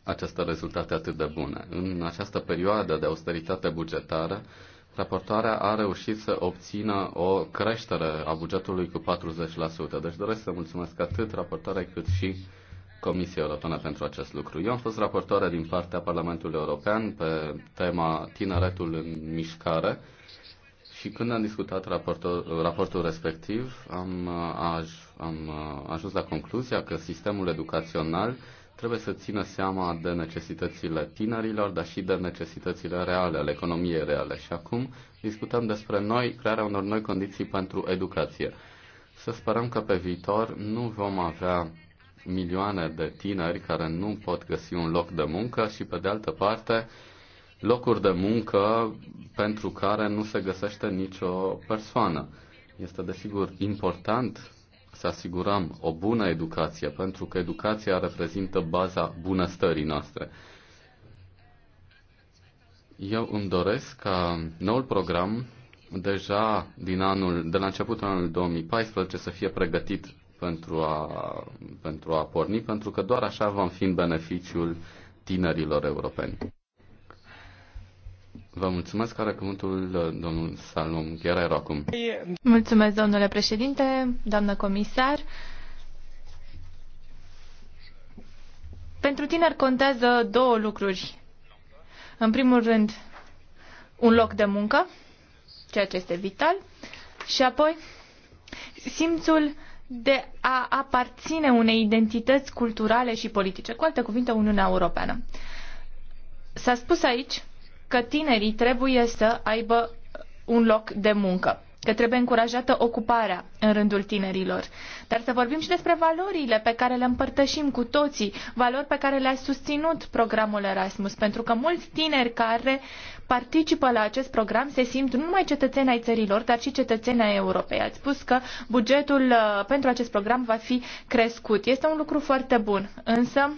aceste rezultate atât de bune. În această perioadă de austeritate bugetară, raportoarea a reușit să obțină o creștere a bugetului cu 40%. Deci doresc să mulțumesc atât raportoarei, cât și Comisia Europeană pentru acest lucru. Eu am fost raportoare din partea Parlamentului European pe tema Tineretul în Mișcare și când am discutat raportul, raportul respectiv, am, aj, am ajuns la concluzia că sistemul educațional trebuie să țină seama de necesitățile tinerilor, dar și de necesitățile reale, ale economiei reale. Și acum discutăm despre noi, crearea unor noi condiții pentru educație. Să sperăm că pe viitor nu vom avea milioane de tineri care nu pot găsi un loc de muncă și, pe de altă parte, locuri de muncă pentru care nu se găsește nicio persoană. Este, desigur, important să asigurăm o bună educație, pentru că educația reprezintă baza bunăstării noastre. Eu îmi doresc ca noul program deja din anul, de la începutul anului 2014 să fie pregătit pentru a, pentru a porni, pentru că doar așa vom fi în beneficiul tinerilor europeni. Vă mulțumesc, are cuvântul domnul Salom Guerrero acum. Mulțumesc, domnule președinte, doamnă comisar. Pentru tineri contează două lucruri. În primul rând, un loc de muncă, ceea ce este vital, și apoi simțul de a aparține unei identități culturale și politice, cu alte cuvinte, Uniunea Europeană. S-a spus aici că tinerii trebuie să aibă un loc de muncă că trebuie încurajată ocuparea în rândul tinerilor. Dar să vorbim și despre valorile pe care le împărtășim cu toții, valori pe care le-a susținut programul Erasmus, pentru că mulți tineri care participă la acest program se simt nu numai cetățeni ai țărilor, dar și cetățeni ai Europei. Ați spus că bugetul uh, pentru acest program va fi crescut. Este un lucru foarte bun, însă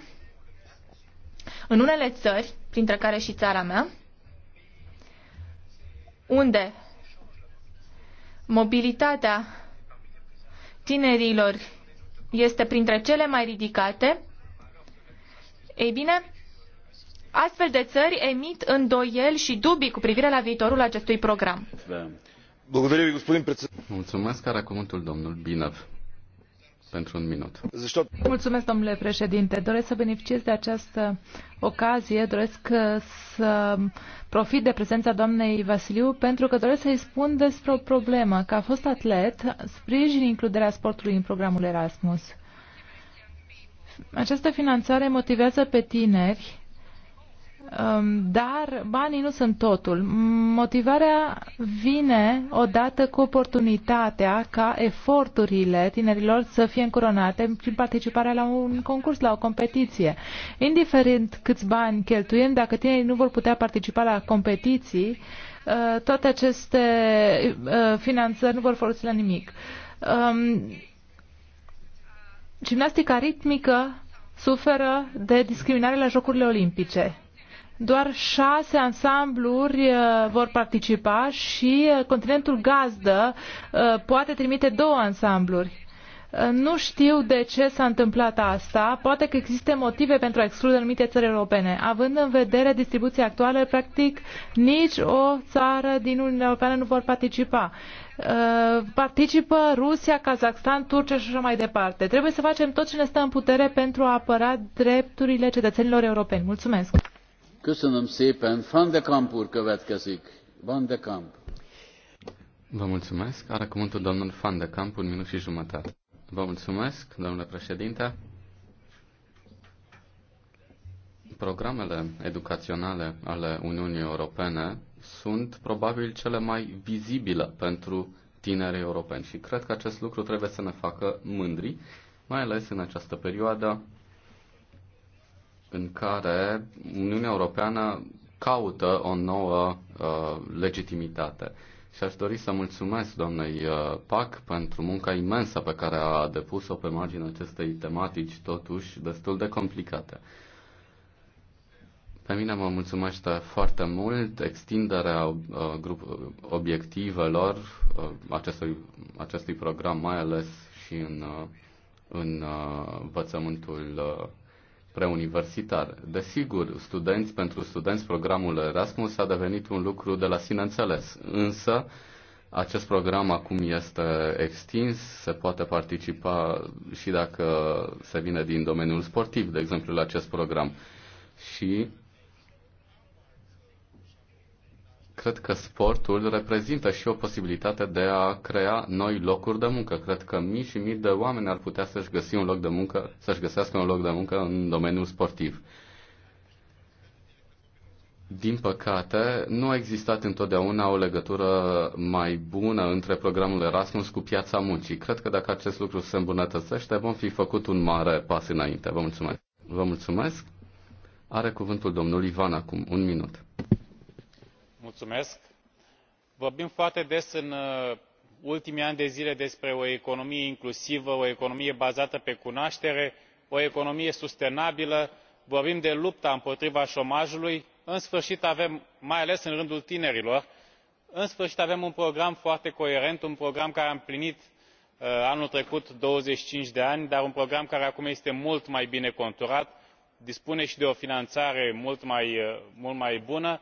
în unele țări, printre care și țara mea, unde Mobilitatea tinerilor este printre cele mai ridicate. Ei bine, astfel de țări emit îndoieli și dubii cu privire la viitorul acestui program. Mulțumesc, are cuvântul domnul Binev pentru un minut. Mulțumesc, domnule președinte. Doresc să beneficiez de această ocazie, doresc uh, să profit de prezența doamnei Vasiliu pentru că doresc să-i spun despre o problemă. a fost atlet, sprijin includerea sportului în programul Erasmus. Această finanțare motivează pe tineri Um, dar banii nu sunt totul. Motivarea vine odată cu oportunitatea ca eforturile tinerilor să fie încoronate prin participarea la un concurs, la o competiție. Indiferent câți bani cheltuim, dacă tinerii nu vor putea participa la competiții, uh, toate aceste uh, finanțări nu vor folosi la nimic. Um, gimnastica ritmică suferă de discriminare la Jocurile Olimpice doar șase ansambluri uh, vor participa și uh, continentul gazdă uh, poate trimite două ansambluri. Nu știu de ce s-a întâmplat asta. Poate că există motive pentru a exclude anumite țări europene. Având în vedere distribuția actuală, practic nici o țară din Uniunea Europeană nu vor participa. Participă Rusia, Kazakhstan, Turcia și așa mai departe. Trebuie să facem tot ce ne stă în putere pentru a apăra drepturile cetățenilor europeni. Mulțumesc! Vă mulțumesc. Vă mulțumesc, domnule președinte. Programele educaționale ale Uniunii Europene sunt probabil cele mai vizibile pentru tinerii europeni și cred că acest lucru trebuie să ne facă mândri, mai ales în această perioadă în care Uniunea Europeană caută o nouă uh, legitimitate. Și aș dori să mulțumesc doamnei uh, PAC pentru munca imensă pe care a depus-o pe marginea acestei tematici, totuși destul de complicate. Pe mine mă mulțumește foarte mult extinderea uh, grup, obiectivelor uh, acestui, acestui program, mai ales și în, în învățământul preuniversitar. Desigur, studenți, pentru studenți, programul Erasmus a devenit un lucru de la sine înțeles, însă acest program acum este extins, se poate participa și dacă se vine din domeniul sportiv, de exemplu, la acest program. Și cred că sportul reprezintă și o posibilitate de a crea noi locuri de muncă. Cred că mii și mii de oameni ar putea să-și găsi un loc de muncă, să-și găsească un loc de muncă în domeniul sportiv. Din păcate, nu a existat întotdeauna o legătură mai bună între programul Erasmus cu piața muncii. Cred că dacă acest lucru se îmbunătățește, vom fi făcut un mare pas înainte. Vă mulțumesc. Vă mulțumesc. Are cuvântul domnul Ivan acum. Un minut vorbim foarte des în uh, ultimii ani de zile despre o economie inclusivă o economie bazată pe cunoaștere o economie sustenabilă vorbim de lupta împotriva șomajului în sfârșit avem mai ales în rândul tinerilor în avem un program foarte coerent un program care a împlinit uh, anul trecut douăzeci și cinci de ani dar un program care acum este mult mai bine conturat dispune și de o finanțare mult mai uh, bună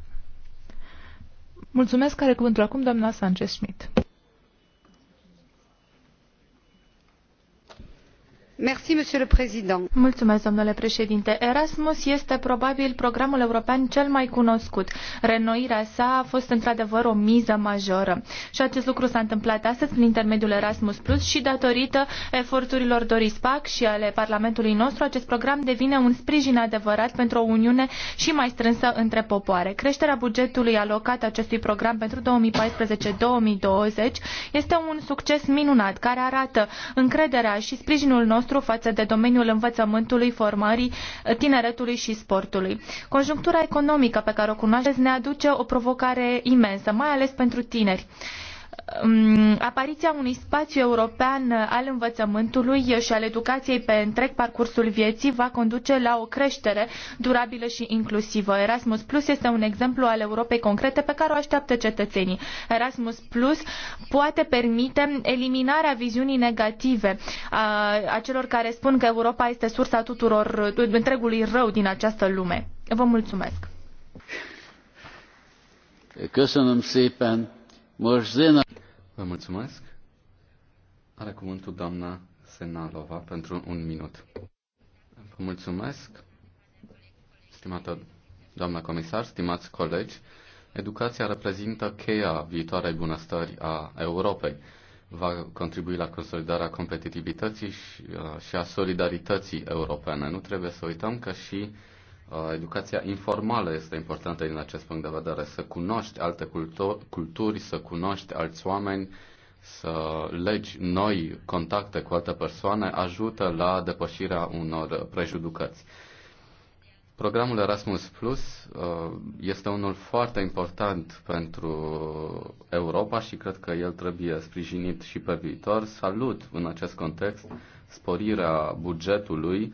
Mulțumesc, care cuvântul acum, doamna Sanchez-Schmidt. Mulțumesc, domnule președinte. Erasmus este probabil programul european cel mai cunoscut. reînnoirea sa a fost într-adevăr o miză majoră. Și acest lucru s-a întâmplat astăzi prin intermediul Erasmus Plus și datorită eforturilor Doris pack și ale Parlamentului nostru, acest program devine un sprijin adevărat pentru o uniune și mai strânsă între popoare. Creșterea bugetului alocat acestui program pentru 2014-2020 este un succes minunat care arată încrederea și sprijinul nostru nostru față de domeniul învățământului, formării, tineretului și sportului. Conjunctura economică pe care o cunoașteți ne aduce o provocare imensă, mai ales pentru tineri. Um, apariția unui spațiu european uh, al învățământului și al educației pe întreg parcursul vieții va conduce la o creștere durabilă și inclusivă. Erasmus Plus este un exemplu al Europei concrete pe care o așteaptă cetățenii. Erasmus Plus poate permite eliminarea viziunii negative a celor care spun că Europa este sursa tuturor uh, întregului rău din această lume. Vă mulțumesc! Vă mulțumesc. Are cuvântul doamna Senalova pentru un minut. Vă mulțumesc, stimată doamna comisar, stimați colegi. Educația reprezintă cheia viitoarei bunăstări a Europei. Va contribui la consolidarea competitivității și, uh, și a solidarității europene. Nu trebuie să uităm că și Uh, educația informală este importantă din acest punct de vedere, să cunoști alte culturi, culturi, să cunoști alți oameni, să legi noi contacte cu alte persoane, ajută la depășirea unor prejudecăți. Programul Erasmus Plus uh, este unul foarte important pentru Europa și cred că el trebuie sprijinit și pe viitor. Salut în acest context sporirea bugetului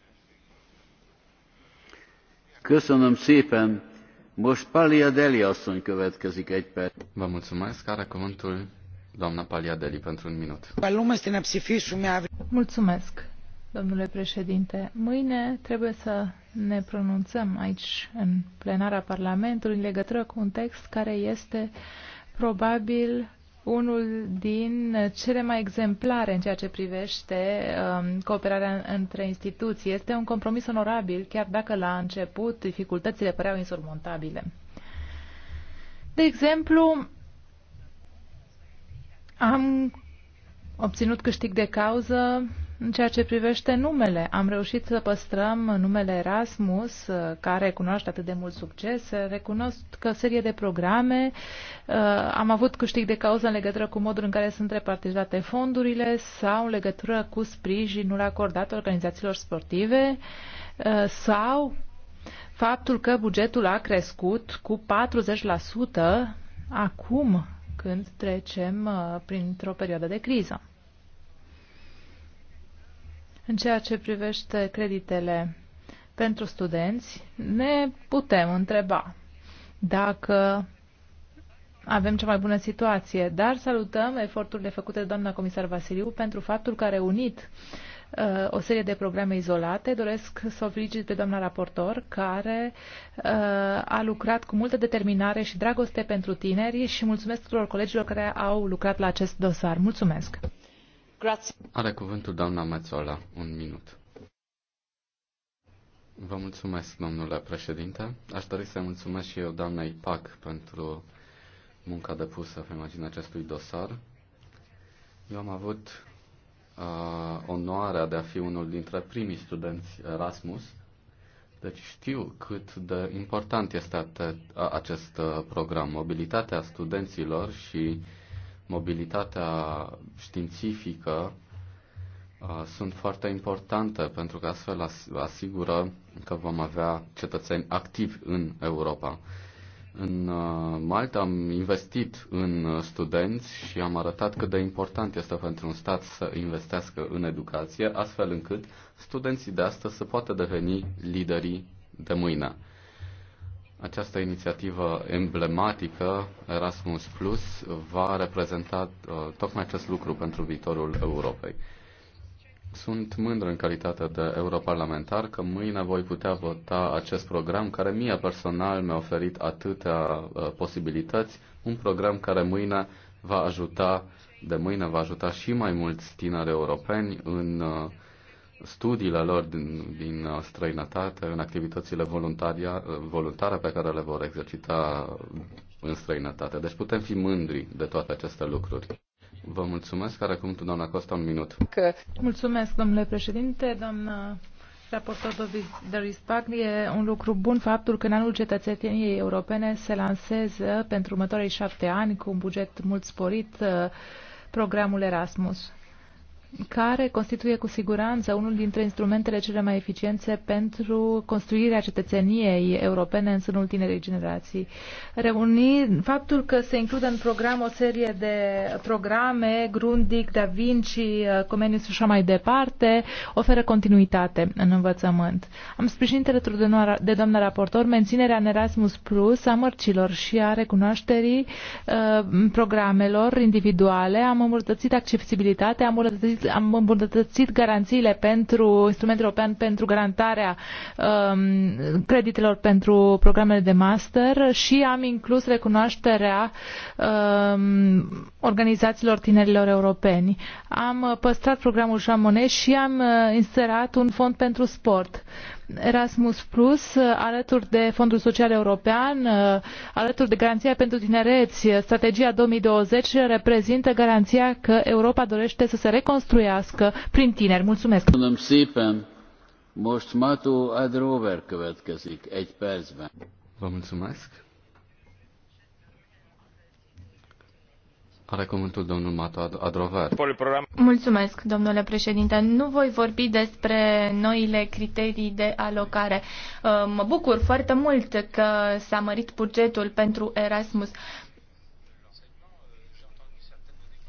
Köszönöm szépen. Most deli asszony következik egy perc. Vă mulțumesc. Are cuvântul doamna Paliadeli pentru un minut. Mulțumesc, domnule președinte. Mâine trebuie să ne pronunțăm aici, în plenara Parlamentului, în legătură cu un text care este probabil unul din cele mai exemplare în ceea ce privește um, cooperarea între instituții. Este un compromis onorabil, chiar dacă la început dificultățile păreau insurmontabile. De exemplu, am obținut câștig de cauză în ceea ce privește numele, am reușit să păstrăm numele Erasmus, uh, care cunoaște atât de mult succes. Recunosc că o serie de programe uh, am avut câștig de cauză în legătură cu modul în care sunt repartizate fondurile sau în legătură cu sprijinul acordat organizațiilor sportive uh, sau faptul că bugetul a crescut cu 40% acum când trecem printr-o perioadă de criză. În ceea ce privește creditele pentru studenți, ne putem întreba dacă avem cea mai bună situație, dar salutăm eforturile făcute de doamna comisar Vasiliu pentru faptul că a reunit uh, o serie de programe izolate. Doresc să o felicit pe doamna raportor, care uh, a lucrat cu multă determinare și dragoste pentru tineri și mulțumesc tuturor colegilor care au lucrat la acest dosar. Mulțumesc! Grazie. Are cuvântul doamna Mețola, un minut. Vă mulțumesc, domnule președinte. Aș dori să mulțumesc și eu doamnei PAC pentru munca depusă pe imaginea acestui dosar. Eu am avut uh, onoarea de a fi unul dintre primii studenți Erasmus, deci știu cât de important este atât, acest uh, program. Mobilitatea studenților și uh, mobilitatea științifică uh, sunt foarte importante pentru că astfel asigură că vom avea cetățeni activi în Europa. În uh, Malta am investit în uh, studenți și am arătat cât de important este pentru un stat să investească în educație, astfel încât studenții de astăzi să poată deveni liderii de mâine. Această inițiativă emblematică, Erasmus Plus, va reprezenta uh, tocmai acest lucru pentru viitorul Europei. Sunt mândru în calitate de europarlamentar că mâine voi putea vota acest program care mie personal mi-a oferit atâtea uh, posibilități, un program care mâine va ajuta, de mâine va ajuta și mai mulți tineri europeni în uh, studiile lor din, din străinătate, în activitățile voluntare pe care le vor exercita în străinătate. Deci putem fi mândri de toate aceste lucruri. Vă mulțumesc. Are cuvântul doamna Costa un minut. Că... Mulțumesc, domnule președinte, doamna raportor de RISPAC, e un lucru bun faptul că în anul cetățeniei europene se lansează pentru următorii șapte ani cu un buget mult sporit uh, programul Erasmus care constituie cu siguranță unul dintre instrumentele cele mai eficiente pentru construirea cetățeniei europene în sânul tinerei generații. Reuni faptul că se include în program o serie de programe, Grundig, Da Vinci, Comenius și așa mai departe, oferă continuitate în învățământ. Am sprijinit alături de doamna raportor menținerea în Erasmus Plus a mărcilor și a recunoașterii uh, programelor individuale. Am îmbunătățit accesibilitatea, am îmbunătățit am îmbunătățit garanțiile pentru instrumentul european pentru garantarea um, creditelor pentru programele de master și am inclus recunoașterea um, organizațiilor tinerilor europeni. Am păstrat programul Jean Monnet și am uh, inserat un fond pentru sport. Erasmus Plus, uh, alături de Fondul Social European, uh, alături de Garanția pentru Tinereți, Strategia 2020 reprezintă garanția că Europa dorește să se reconstruiască prin tineri. Mulțumesc! Vă mulțumesc! Are cuvântul domnul Mato Adrover. Mulțumesc, domnule președinte. Nu voi vorbi despre noile criterii de alocare. Uh, mă bucur foarte mult că s-a mărit bugetul pentru Erasmus.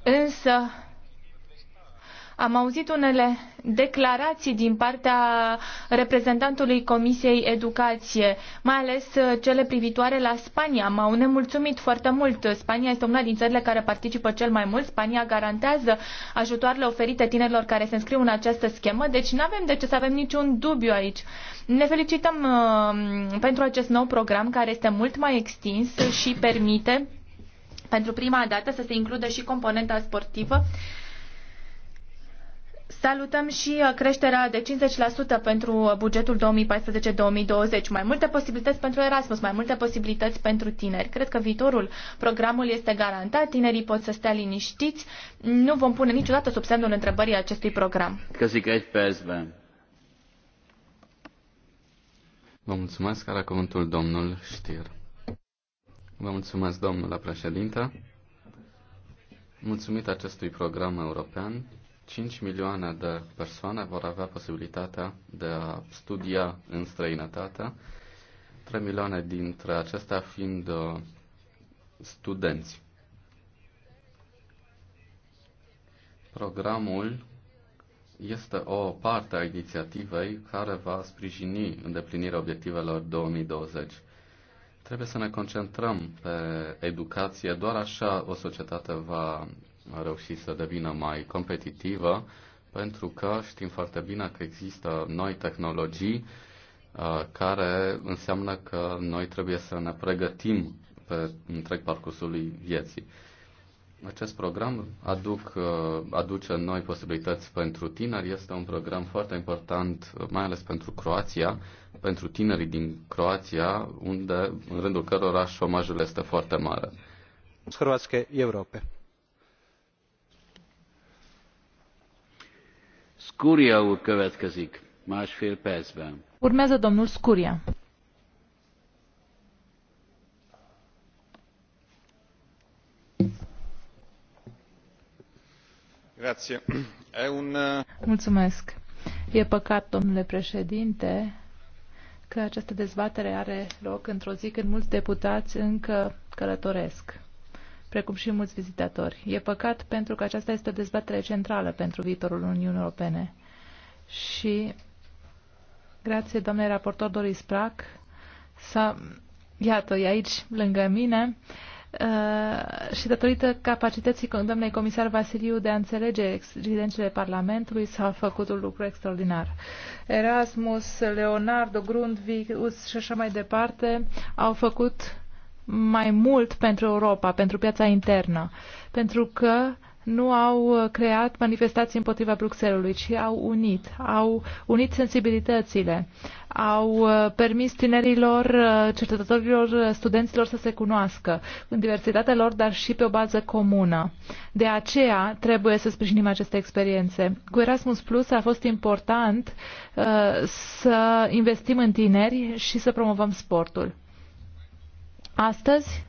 Însă, am auzit unele declarații din partea reprezentantului Comisiei Educație, mai ales uh, cele privitoare la Spania. M-au nemulțumit foarte mult. Spania este una din țările care participă cel mai mult. Spania garantează ajutoarele oferite tinerilor care se înscriu în această schemă, deci nu avem de ce să avem niciun dubiu aici. Ne felicităm uh, pentru acest nou program care este mult mai extins și permite pentru prima dată să se includă și componenta sportivă Salutăm și uh, creșterea de 50% pentru uh, bugetul 2014-2020, mai multe posibilități pentru Erasmus, mai multe posibilități pentru tineri. Cred că viitorul programul este garantat, tinerii pot să stea liniștiți, nu vom pune niciodată sub semnul întrebării acestui program. Vă mulțumesc, are cuvântul domnul Știr. Vă mulțumesc, domnule președinte. Mulțumit acestui program european, 5 milioane de persoane vor avea posibilitatea de a studia în străinătate, 3 milioane dintre acestea fiind uh, studenți. Programul este o parte a inițiativei care va sprijini îndeplinirea obiectivelor 2020. Trebuie să ne concentrăm pe educație, doar așa o societate va a reușit să devină mai competitivă, pentru că știm foarte bine că există noi tehnologii uh, care înseamnă că noi trebuie să ne pregătim pe întreg parcursul vieții. Acest program aduc, uh, aduce noi posibilități pentru tineri. Este un program foarte important, uh, mai ales pentru Croația, pentru tinerii din Croația, unde, în rândul cărora, șomajul este foarte mare. Croația Europe. Scuria úr következik, másfél percben. Urmează domnul Scuria. Mulțumesc. E păcat, domnule președinte, că această dezbatere are loc într-o zi când mulți deputați încă călătoresc precum și mulți vizitatori. E păcat pentru că aceasta este o dezbatere centrală pentru viitorul Uniunii Europene. Și grație doamnei raportor Doris Prac, să iată, e aici, lângă mine, uh, și datorită capacității doamnei comisar Vasiliu de a înțelege exigențele Parlamentului s-a făcut un lucru extraordinar. Erasmus, Leonardo, Grundvig și așa mai departe au făcut mai mult pentru Europa, pentru piața internă, pentru că nu au creat manifestații împotriva Bruxelului, ci au unit, au unit sensibilitățile, au uh, permis tinerilor, uh, cercetătorilor, uh, studenților să se cunoască în diversitatea lor, dar și pe o bază comună. De aceea trebuie să sprijinim aceste experiențe. Cu Erasmus Plus a fost important uh, să investim în tineri și să promovăm sportul. Astăzi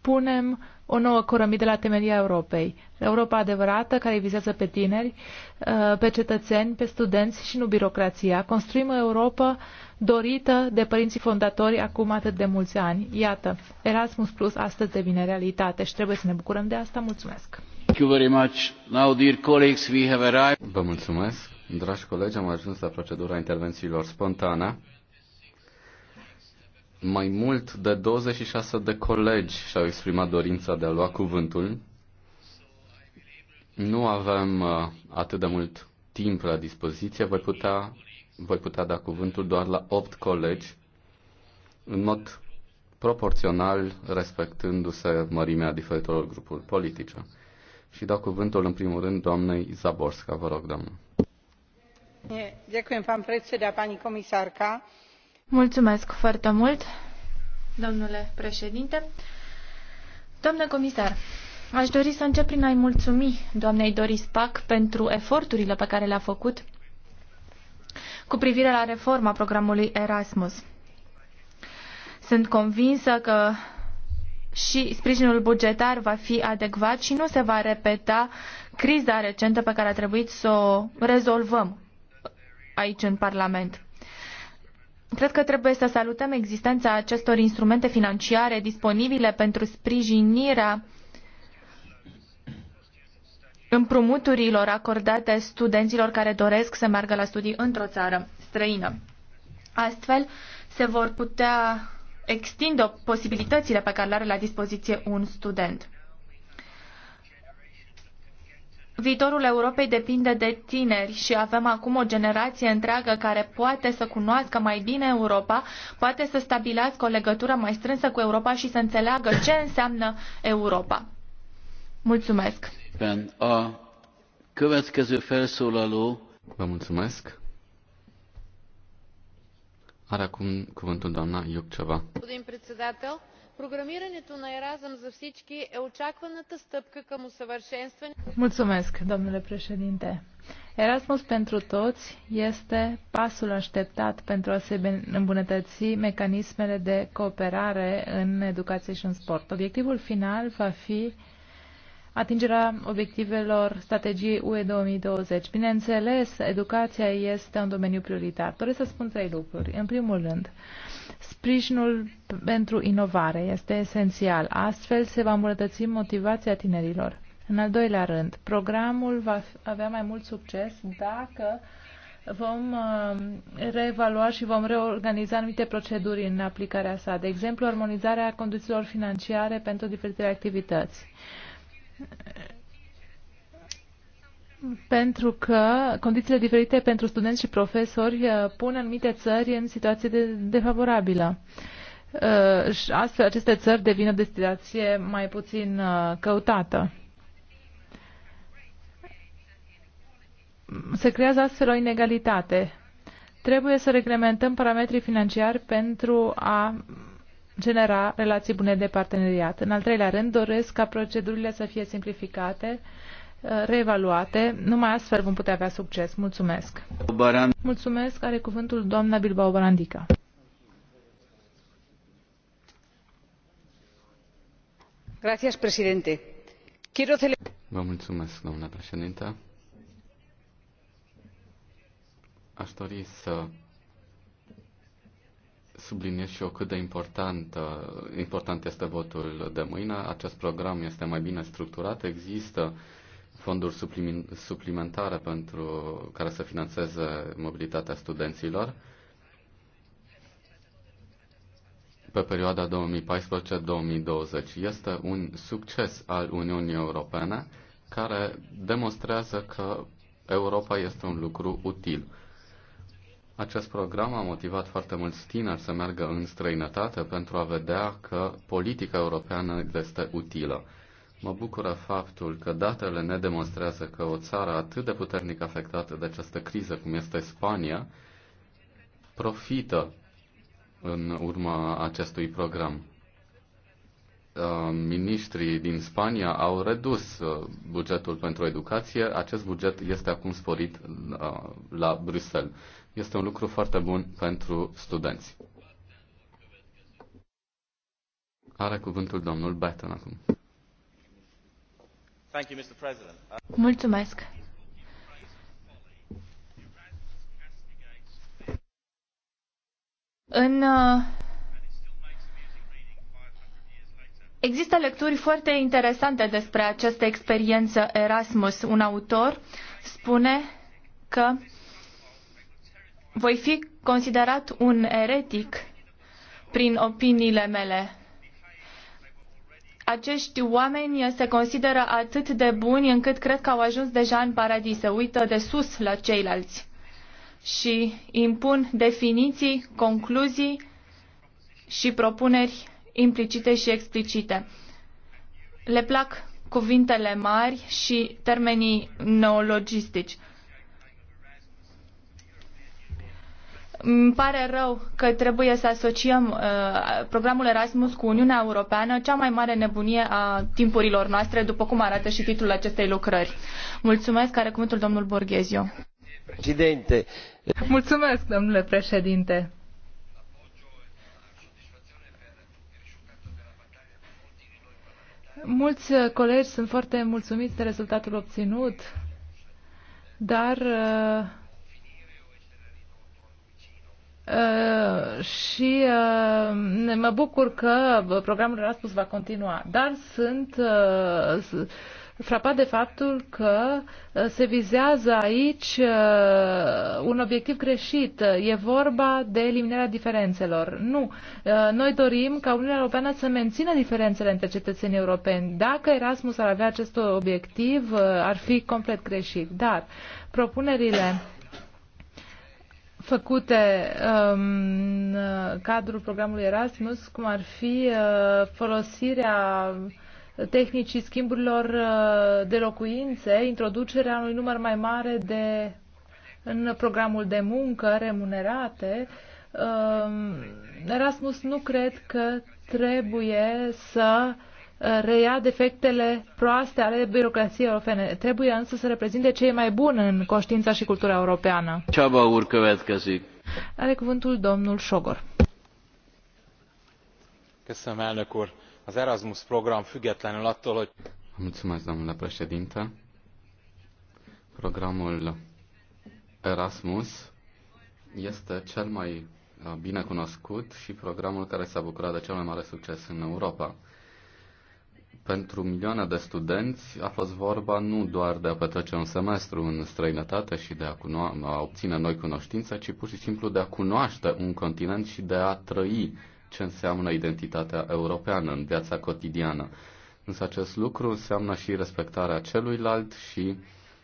punem o nouă cărămidă la temelia Europei. Europa adevărată care vizează pe tineri, uh, pe cetățeni, pe studenți și nu birocrația. Construim o Europa dorită de părinții fondatori acum atât de mulți ani. Iată, Erasmus Plus astăzi devine realitate și trebuie să ne bucurăm de asta. Mulțumesc! Thank you very much. Now, dear colleagues, we have arrived. Vă mulțumesc. Dragi colegi, am ajuns la procedura intervențiilor spontane. Mai mult de 26 de colegi și-au exprimat dorința de a lua cuvântul. Nu avem uh, atât de mult timp la dispoziție. Voi putea, voi putea da cuvântul doar la 8 colegi, în mod proporțional, respectându-se mărimea diferitelor grupuri politice. Și dau cuvântul în primul rând doamnei Zaborska. Vă rog, doamnă. Ďakujem, pán predseda, pani comisarca. Mulțumesc foarte mult, domnule președinte. domnule comisar, aș dori să încep prin a-i mulțumi doamnei Doris Pac pentru eforturile pe care le-a făcut cu privire la reforma programului Erasmus. Sunt convinsă că și sprijinul bugetar va fi adecvat și nu se va repeta criza recentă pe care a trebuit să o rezolvăm aici în Parlament. Cred că trebuie să salutăm existența acestor instrumente financiare disponibile pentru sprijinirea împrumuturilor acordate studenților care doresc să meargă la studii într-o țară străină. Astfel, se vor putea extinde posibilitățile pe care le are la dispoziție un student. Viitorul Europei depinde de tineri și avem acum o generație întreagă care poate să cunoască mai bine Europa, poate să stabilească o legătură mai strânsă cu Europa și să înțeleagă ce înseamnă Europa. Mulțumesc! Vă mulțumesc! Are acum cuvântul doamna Iuceva. Господин председател, програмирането на Еразъм за всички е очакваната стъпка към усъвършенстване. Mulțumesc, domnule președinte. Erasmus pentru toți este pasul așteptat pentru a se îmbunătăți mecanismele de cooperare în educație și în sport. Obiectivul final va fi atingerea obiectivelor strategiei UE 2020. Bineînțeles, educația este un domeniu prioritar. Doresc să spun trei lucruri. În primul rând, sprijinul pentru inovare este esențial. Astfel se va îmbunătăți motivația tinerilor. În al doilea rând, programul va avea mai mult succes dacă vom uh, reevalua și vom reorganiza anumite proceduri în aplicarea sa, de exemplu, armonizarea condițiilor financiare pentru diferitele activități pentru că condițiile diferite pentru studenți și profesori uh, pun anumite țări în situație de, defavorabilă. Uh, și astfel aceste țări devin o destinație mai puțin uh, căutată. Se creează astfel o inegalitate. Trebuie să reglementăm parametrii financiari pentru a genera relații bune de parteneriat. În al treilea rând, doresc ca procedurile să fie simplificate, uh, reevaluate. Numai astfel vom putea avea succes. Mulțumesc! Baran. Mulțumesc! Are cuvântul doamna Bilbao Barandica. Gracias, presidente. Quiero Vă mulțumesc, doamna președintă. Aș dori să subliniez și eu cât de important, uh, important este votul de mâine. Acest program este mai bine structurat, există fonduri suplimentare pentru care să financeze mobilitatea studenților. pe perioada 2014-2020. Este un succes al Uniunii Europene care demonstrează că Europa este un lucru util. Acest program a motivat foarte mulți tineri să meargă în străinătate pentru a vedea că politica europeană este utilă. Mă bucură faptul că datele ne demonstrează că o țară atât de puternic afectată de această criză cum este Spania profită în urma acestui program. Uh, ministrii din Spania au redus uh, bugetul pentru educație. Acest buget este acum sporit uh, la Bruxelles este un lucru foarte bun pentru studenți. Are cuvântul domnul Batten acum. Uh, Mulțumesc. În uh, Există lecturi foarte interesante despre această experiență Erasmus. Un autor spune că voi fi considerat un eretic prin opiniile mele. Acești oameni se consideră atât de buni încât cred că au ajuns deja în paradis, se uită de sus la ceilalți și impun definiții, concluzii și propuneri implicite și explicite. Le plac cuvintele mari și termenii neologistici. Îmi pare rău că trebuie să asociem uh, programul Erasmus cu Uniunea Europeană, cea mai mare nebunie a timpurilor noastre, după cum arată și titlul acestei lucrări. Mulțumesc, are cuvântul domnul Borghezio. Președinte. Mulțumesc, domnule președinte. Mulți colegi sunt foarte mulțumiți de rezultatul obținut, dar uh, Uh, și uh, mă bucur că programul Erasmus va continua, dar sunt uh, frapat de faptul că uh, se vizează aici uh, un obiectiv greșit. E vorba de eliminarea diferențelor. Nu. Uh, noi dorim ca Uniunea Europeană să mențină diferențele între cetățenii europeni. Dacă Erasmus ar avea acest obiectiv, ar fi complet greșit. Dar propunerile făcute în um, cadrul programului Erasmus, cum ar fi uh, folosirea tehnicii schimburilor uh, de locuințe, introducerea unui număr mai mare de în programul de muncă remunerate. Um, Erasmus nu cred că trebuie să uh, reia defectele proaste ale birocrației europene. Trebuie însă să reprezinte ce e mai bun în conștiința și cultura europeană. Ceaba urcăvet căsic. Are cuvântul domnul Șogor. Köszönöm, elnök úr. Az Erasmus program függetlenül attól, hogy... Mulțumesc, domnule președinte. Programul Erasmus este cel mai uh, bine cunoscut și programul care s-a bucurat de cel mai mare succes în Europa pentru milioane de studenți a fost vorba nu doar de a petrece un semestru în străinătate și de a, cuno- a obține noi cunoștințe, ci pur și simplu de a cunoaște un continent și de a trăi ce înseamnă identitatea europeană în viața cotidiană. Însă acest lucru înseamnă și respectarea celuilalt și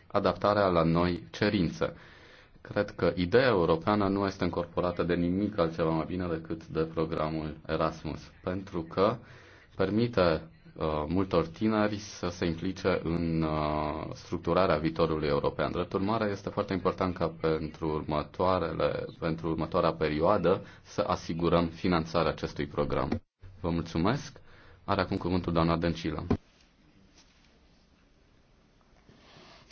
adaptarea la noi cerințe. Cred că ideea europeană nu este încorporată de nimic altceva mai bine decât de programul Erasmus, pentru că permite Uh, multor tineri să se implice în uh, structurarea viitorului european. Drept urmare, este foarte important ca pentru, următoarele, pentru următoarea perioadă să asigurăm finanțarea acestui program. Vă mulțumesc. Are acum cuvântul doamna Dăncilă.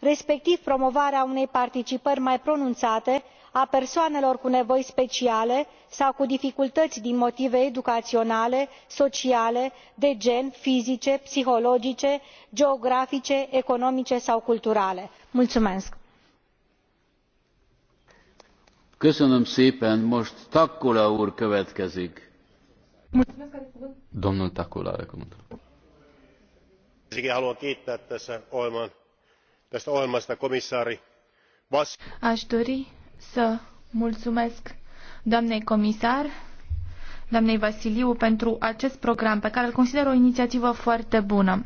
respectiv promovarea unei participări mai pronunțate a persoanelor cu nevoi speciale sau cu dificultăți din motive educaționale sociale de gen fizice psihologice geografice economice sau culturale. mulțumesc. haluan kiittää tässä oman tästä ohjelmasta komissaari Aș dori să mulțumesc doamnei comisar, doamnei Vasiliu, pentru acest program pe care îl consider o inițiativă foarte bună.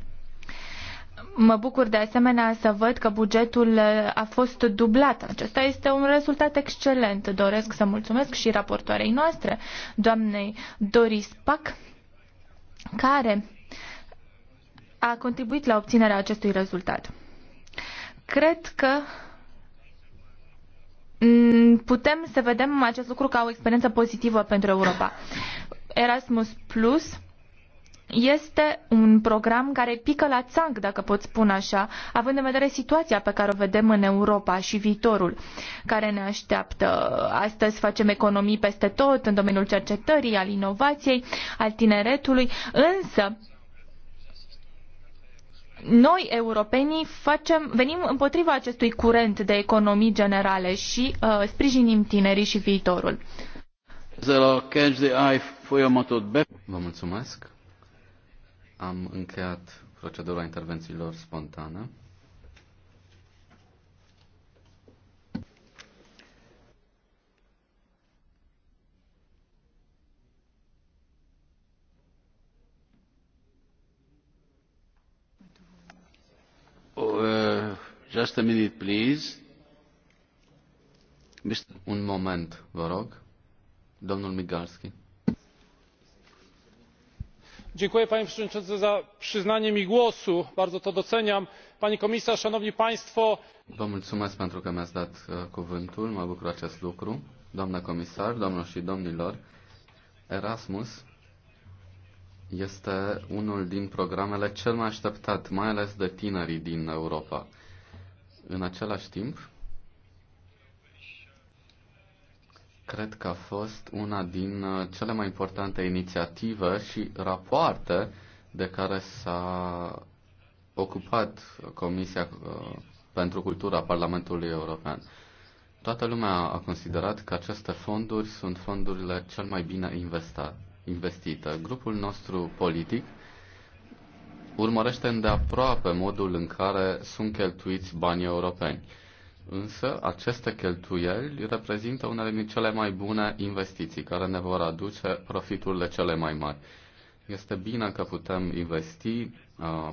Mă bucur de asemenea să văd că bugetul uh, a fost dublat. Acesta este un rezultat excelent. Doresc să mulțumesc și raportoarei noastre, doamnei Doris Pac, care a contribuit la obținerea acestui rezultat. Cred că putem să vedem acest lucru ca o experiență pozitivă pentru Europa. Erasmus Plus este un program care pică la țanc, dacă pot spune așa, având în vedere situația pe care o vedem în Europa și viitorul care ne așteaptă. Astăzi facem economii peste tot în domeniul cercetării, al inovației, al tineretului, însă noi, europenii, facem, venim împotriva acestui curent de economii generale și uh, sprijinim tinerii și viitorul. Vă mulțumesc. Am încheiat procedura intervențiilor spontane. Uh, just a minute, please. Un moment, vă rog. Domnul Migalski. Dziękuję panie przewodniczący za przyznanie mi głosu. Bardzo to doceniam. Pani komisarz, szanowni państwo. Vă mulțumesc pentru că mi-ați dat uh, cuvântul. Mă bucur acest lucru. Doamna comisar, domnilor și domnilor, Erasmus este unul din programele cel mai așteptat, mai ales de tinerii din Europa. În același timp, cred că a fost una din uh, cele mai importante inițiative și rapoarte de care s-a ocupat Comisia uh, pentru Cultura Parlamentului European. Toată lumea a considerat că aceste fonduri sunt fondurile cel mai bine investate investită. Grupul nostru politic urmărește îndeaproape modul în care sunt cheltuiți banii europeni. Însă, aceste cheltuieli reprezintă unele din cele mai bune investiții, care ne vor aduce profiturile cele mai mari. Este bine că putem investi, uh,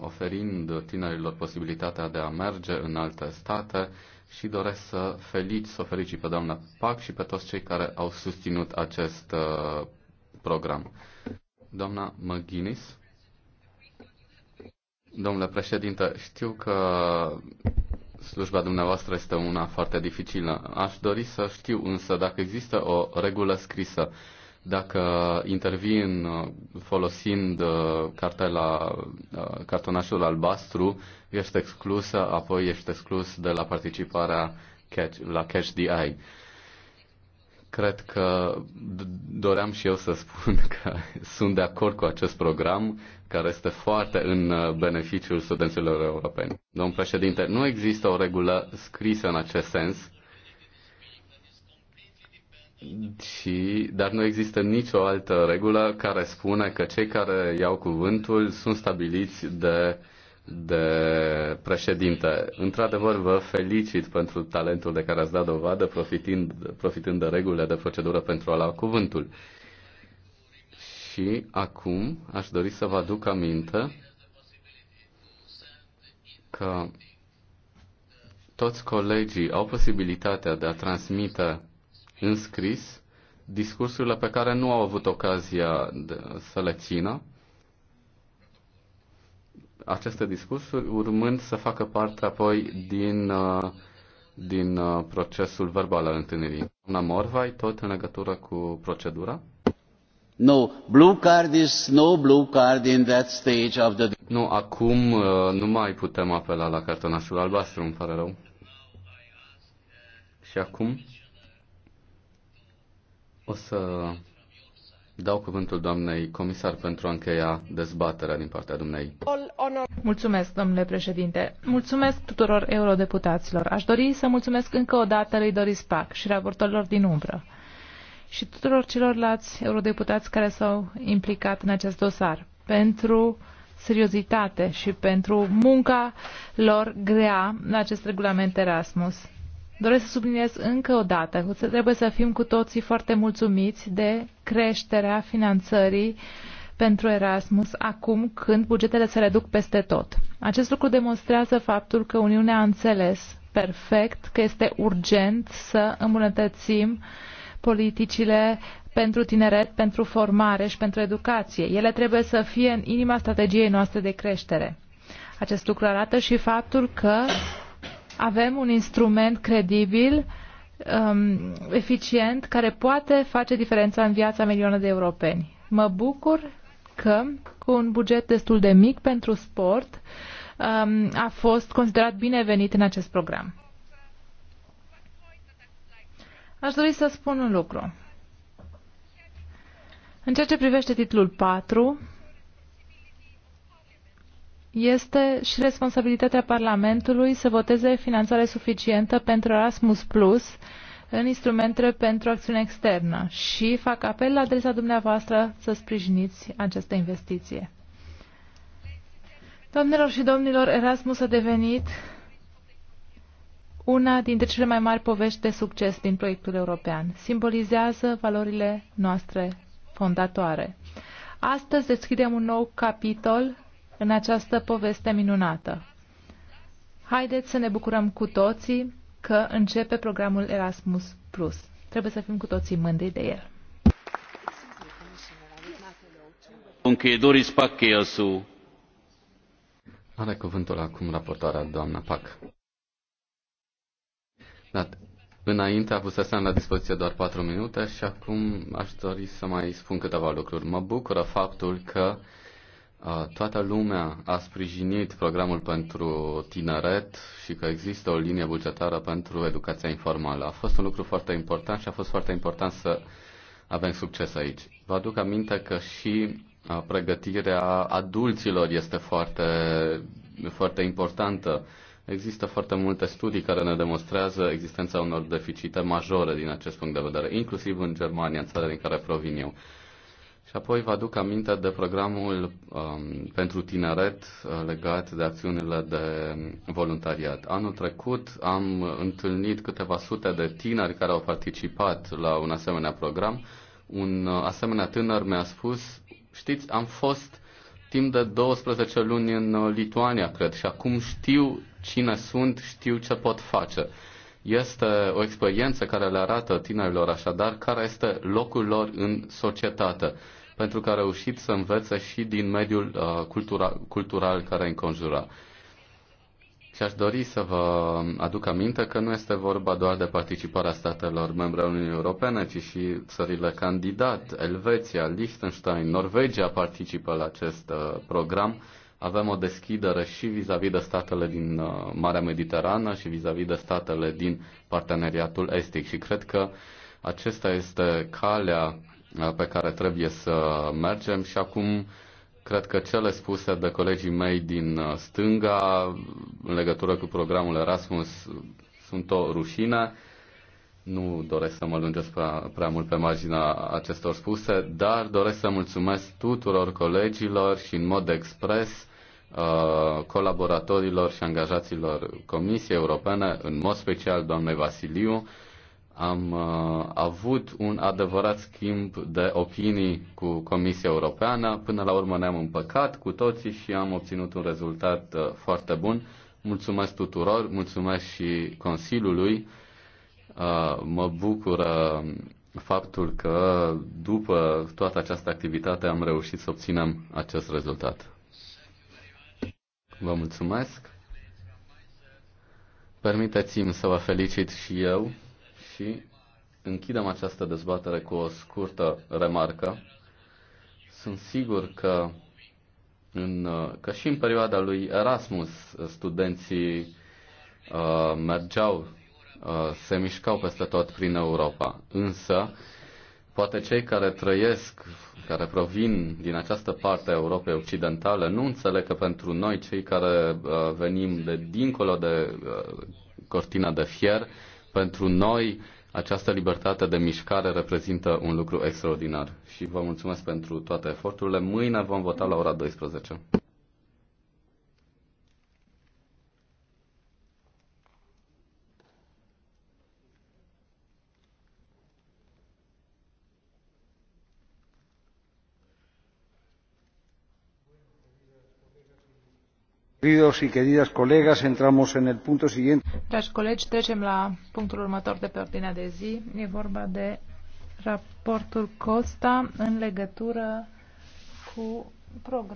oferind tinerilor posibilitatea de a merge în alte state și doresc să felici, să o felicit pe doamna PAC și pe toți cei care au susținut acest uh, program. Doamna McGuinness. Domnule președinte, știu că slujba dumneavoastră este una foarte dificilă. Aș dori să știu însă dacă există o regulă scrisă. Dacă intervin folosind uh, cartela, uh, cartonașul albastru, ești exclusă, apoi ești exclus de la participarea catch, la Catch the Eye. Cred că doream și eu să spun că sunt de acord cu acest program care este foarte în uh, beneficiul studenților europeni. Domnul președinte, nu există o regulă scrisă în acest sens, și, dar nu există nicio altă regulă care spune că cei care iau cuvântul sunt stabiliți de uh, de președinte. Într-adevăr, vă felicit pentru talentul de care ați dat dovadă, profitind, profitând de regulile de procedură pentru a lua cuvântul. Și acum aș dori să vă aduc aminte că toți colegii au posibilitatea de a transmite în scris discursurile pe care nu au avut ocazia de, să le țină aceste discursuri, urmând să facă parte apoi din, uh, din uh, procesul verbal al întâlnirii. Doamna Morvai, tot în legătură cu procedura? No, blue card is no blue card in that stage of the... Nu, acum uh, nu mai putem apela la cartonașul albastru, îmi pare rău. Și acum o să Dau cuvântul doamnei comisar pentru a încheia dezbaterea din partea dumnei. Mulțumesc, domnule președinte. Mulțumesc tuturor eurodeputaților. Aș dori să mulțumesc încă o dată lui Doris Pac și raportorilor din umbră și tuturor celorlalți eurodeputați care s-au implicat în acest dosar pentru seriozitate și pentru munca lor grea în acest regulament Erasmus. Doresc să subliniez încă o dată că trebuie să fim cu toții foarte mulțumiți de creșterea finanțării pentru Erasmus acum când bugetele se reduc peste tot. Acest lucru demonstrează faptul că Uniunea a înțeles perfect că este urgent să îmbunătățim politicile pentru tineret, pentru formare și pentru educație. Ele trebuie să fie în inima strategiei noastre de creștere. Acest lucru arată și faptul că avem un instrument credibil, um, eficient, care poate face diferența în viața milioane de europeni. Mă bucur că cu un buget destul de mic pentru sport um, a fost considerat binevenit în acest program. Aș dori să spun un lucru. În ceea ce privește titlul 4, este și responsabilitatea Parlamentului să voteze finanțare suficientă pentru Erasmus Plus în instrumente pentru acțiune externă și fac apel la adresa dumneavoastră să sprijiniți această investiție. Doamnelor și domnilor, Erasmus a devenit una dintre cele mai mari povești de succes din proiectul european. Simbolizează valorile noastre fondatoare. Astăzi deschidem un nou capitol în această poveste minunată. Haideți să ne bucurăm cu toții că începe programul Erasmus+. Plus. Trebuie să fim cu toții mândri de el. Are cuvântul acum raportoarea doamna Pac. Da, înainte a să la dispoziție doar patru minute și acum aș dori să mai spun câteva lucruri. Mă bucură faptul că toată lumea a sprijinit programul pentru tineret și că există o linie bugetară pentru educația informală. A fost un lucru foarte important și a fost foarte important să avem succes aici. Vă aduc aminte că și pregătirea adulților este foarte, foarte importantă. Există foarte multe studii care ne demonstrează existența unor deficite majore din acest punct de vedere, inclusiv în Germania, în țara din care provin eu. Și apoi vă aduc aminte de programul um, pentru tineret uh, legat de acțiunile de voluntariat. Anul trecut am întâlnit câteva sute de tineri care au participat la un asemenea program. Un uh, asemenea tânăr mi-a spus, știți, am fost timp de 12 luni în uh, Lituania, cred, și acum știu cine sunt, știu ce pot face. Este o experiență care le arată tinerilor așadar care este locul lor în societate, pentru că a reușit să învețe și din mediul uh, cultura, cultural care îi înconjura. Și aș dori să vă aduc aminte că nu este vorba doar de participarea statelor membre ale Uniunii Europene, ci și țările candidat, Elveția, Liechtenstein, Norvegia participă la acest uh, program avem o deschidere și vis-a-vis -vis de statele din uh, Marea Mediterană și vis-a-vis -vis de statele din parteneriatul estic. Și cred că acesta este calea uh, pe care trebuie să mergem și acum cred că cele spuse de colegii mei din uh, stânga în legătură cu programul Erasmus sunt o rușine. Nu doresc să mă lungesc prea, prea mult pe marginea acestor spuse, dar doresc să mulțumesc tuturor colegilor și în mod expres Uh, colaboratorilor și angajaților Comisiei Europene, în mod special doamnei Vasiliu, am uh, avut un adevărat schimb de opinii cu Comisia Europeană. Până la urmă ne-am împăcat cu toții și am obținut un rezultat uh, foarte bun. Mulțumesc tuturor, mulțumesc și Consiliului. Uh, mă bucură faptul că după toată această activitate am reușit să obținem acest rezultat. Vă mulțumesc. Permiteți-mi să vă felicit și eu și închidem această dezbatere cu o scurtă remarcă. Sunt sigur că, în, că și în perioada lui Erasmus studenții uh, mergeau, uh, se mișcau peste tot prin Europa, însă Poate cei care trăiesc, care provin din această parte a Europei Occidentale, nu înțeleg că pentru noi, cei care uh, venim de dincolo de uh, cortina de fier, pentru noi această libertate de mișcare reprezintă un lucru extraordinar. Și vă mulțumesc pentru toate eforturile. Mâine vom vota la ora 12. Dragi colegi, trecem la punctul următor de pe ordinea de zi. E vorba de raportul Costa în legătură cu programul.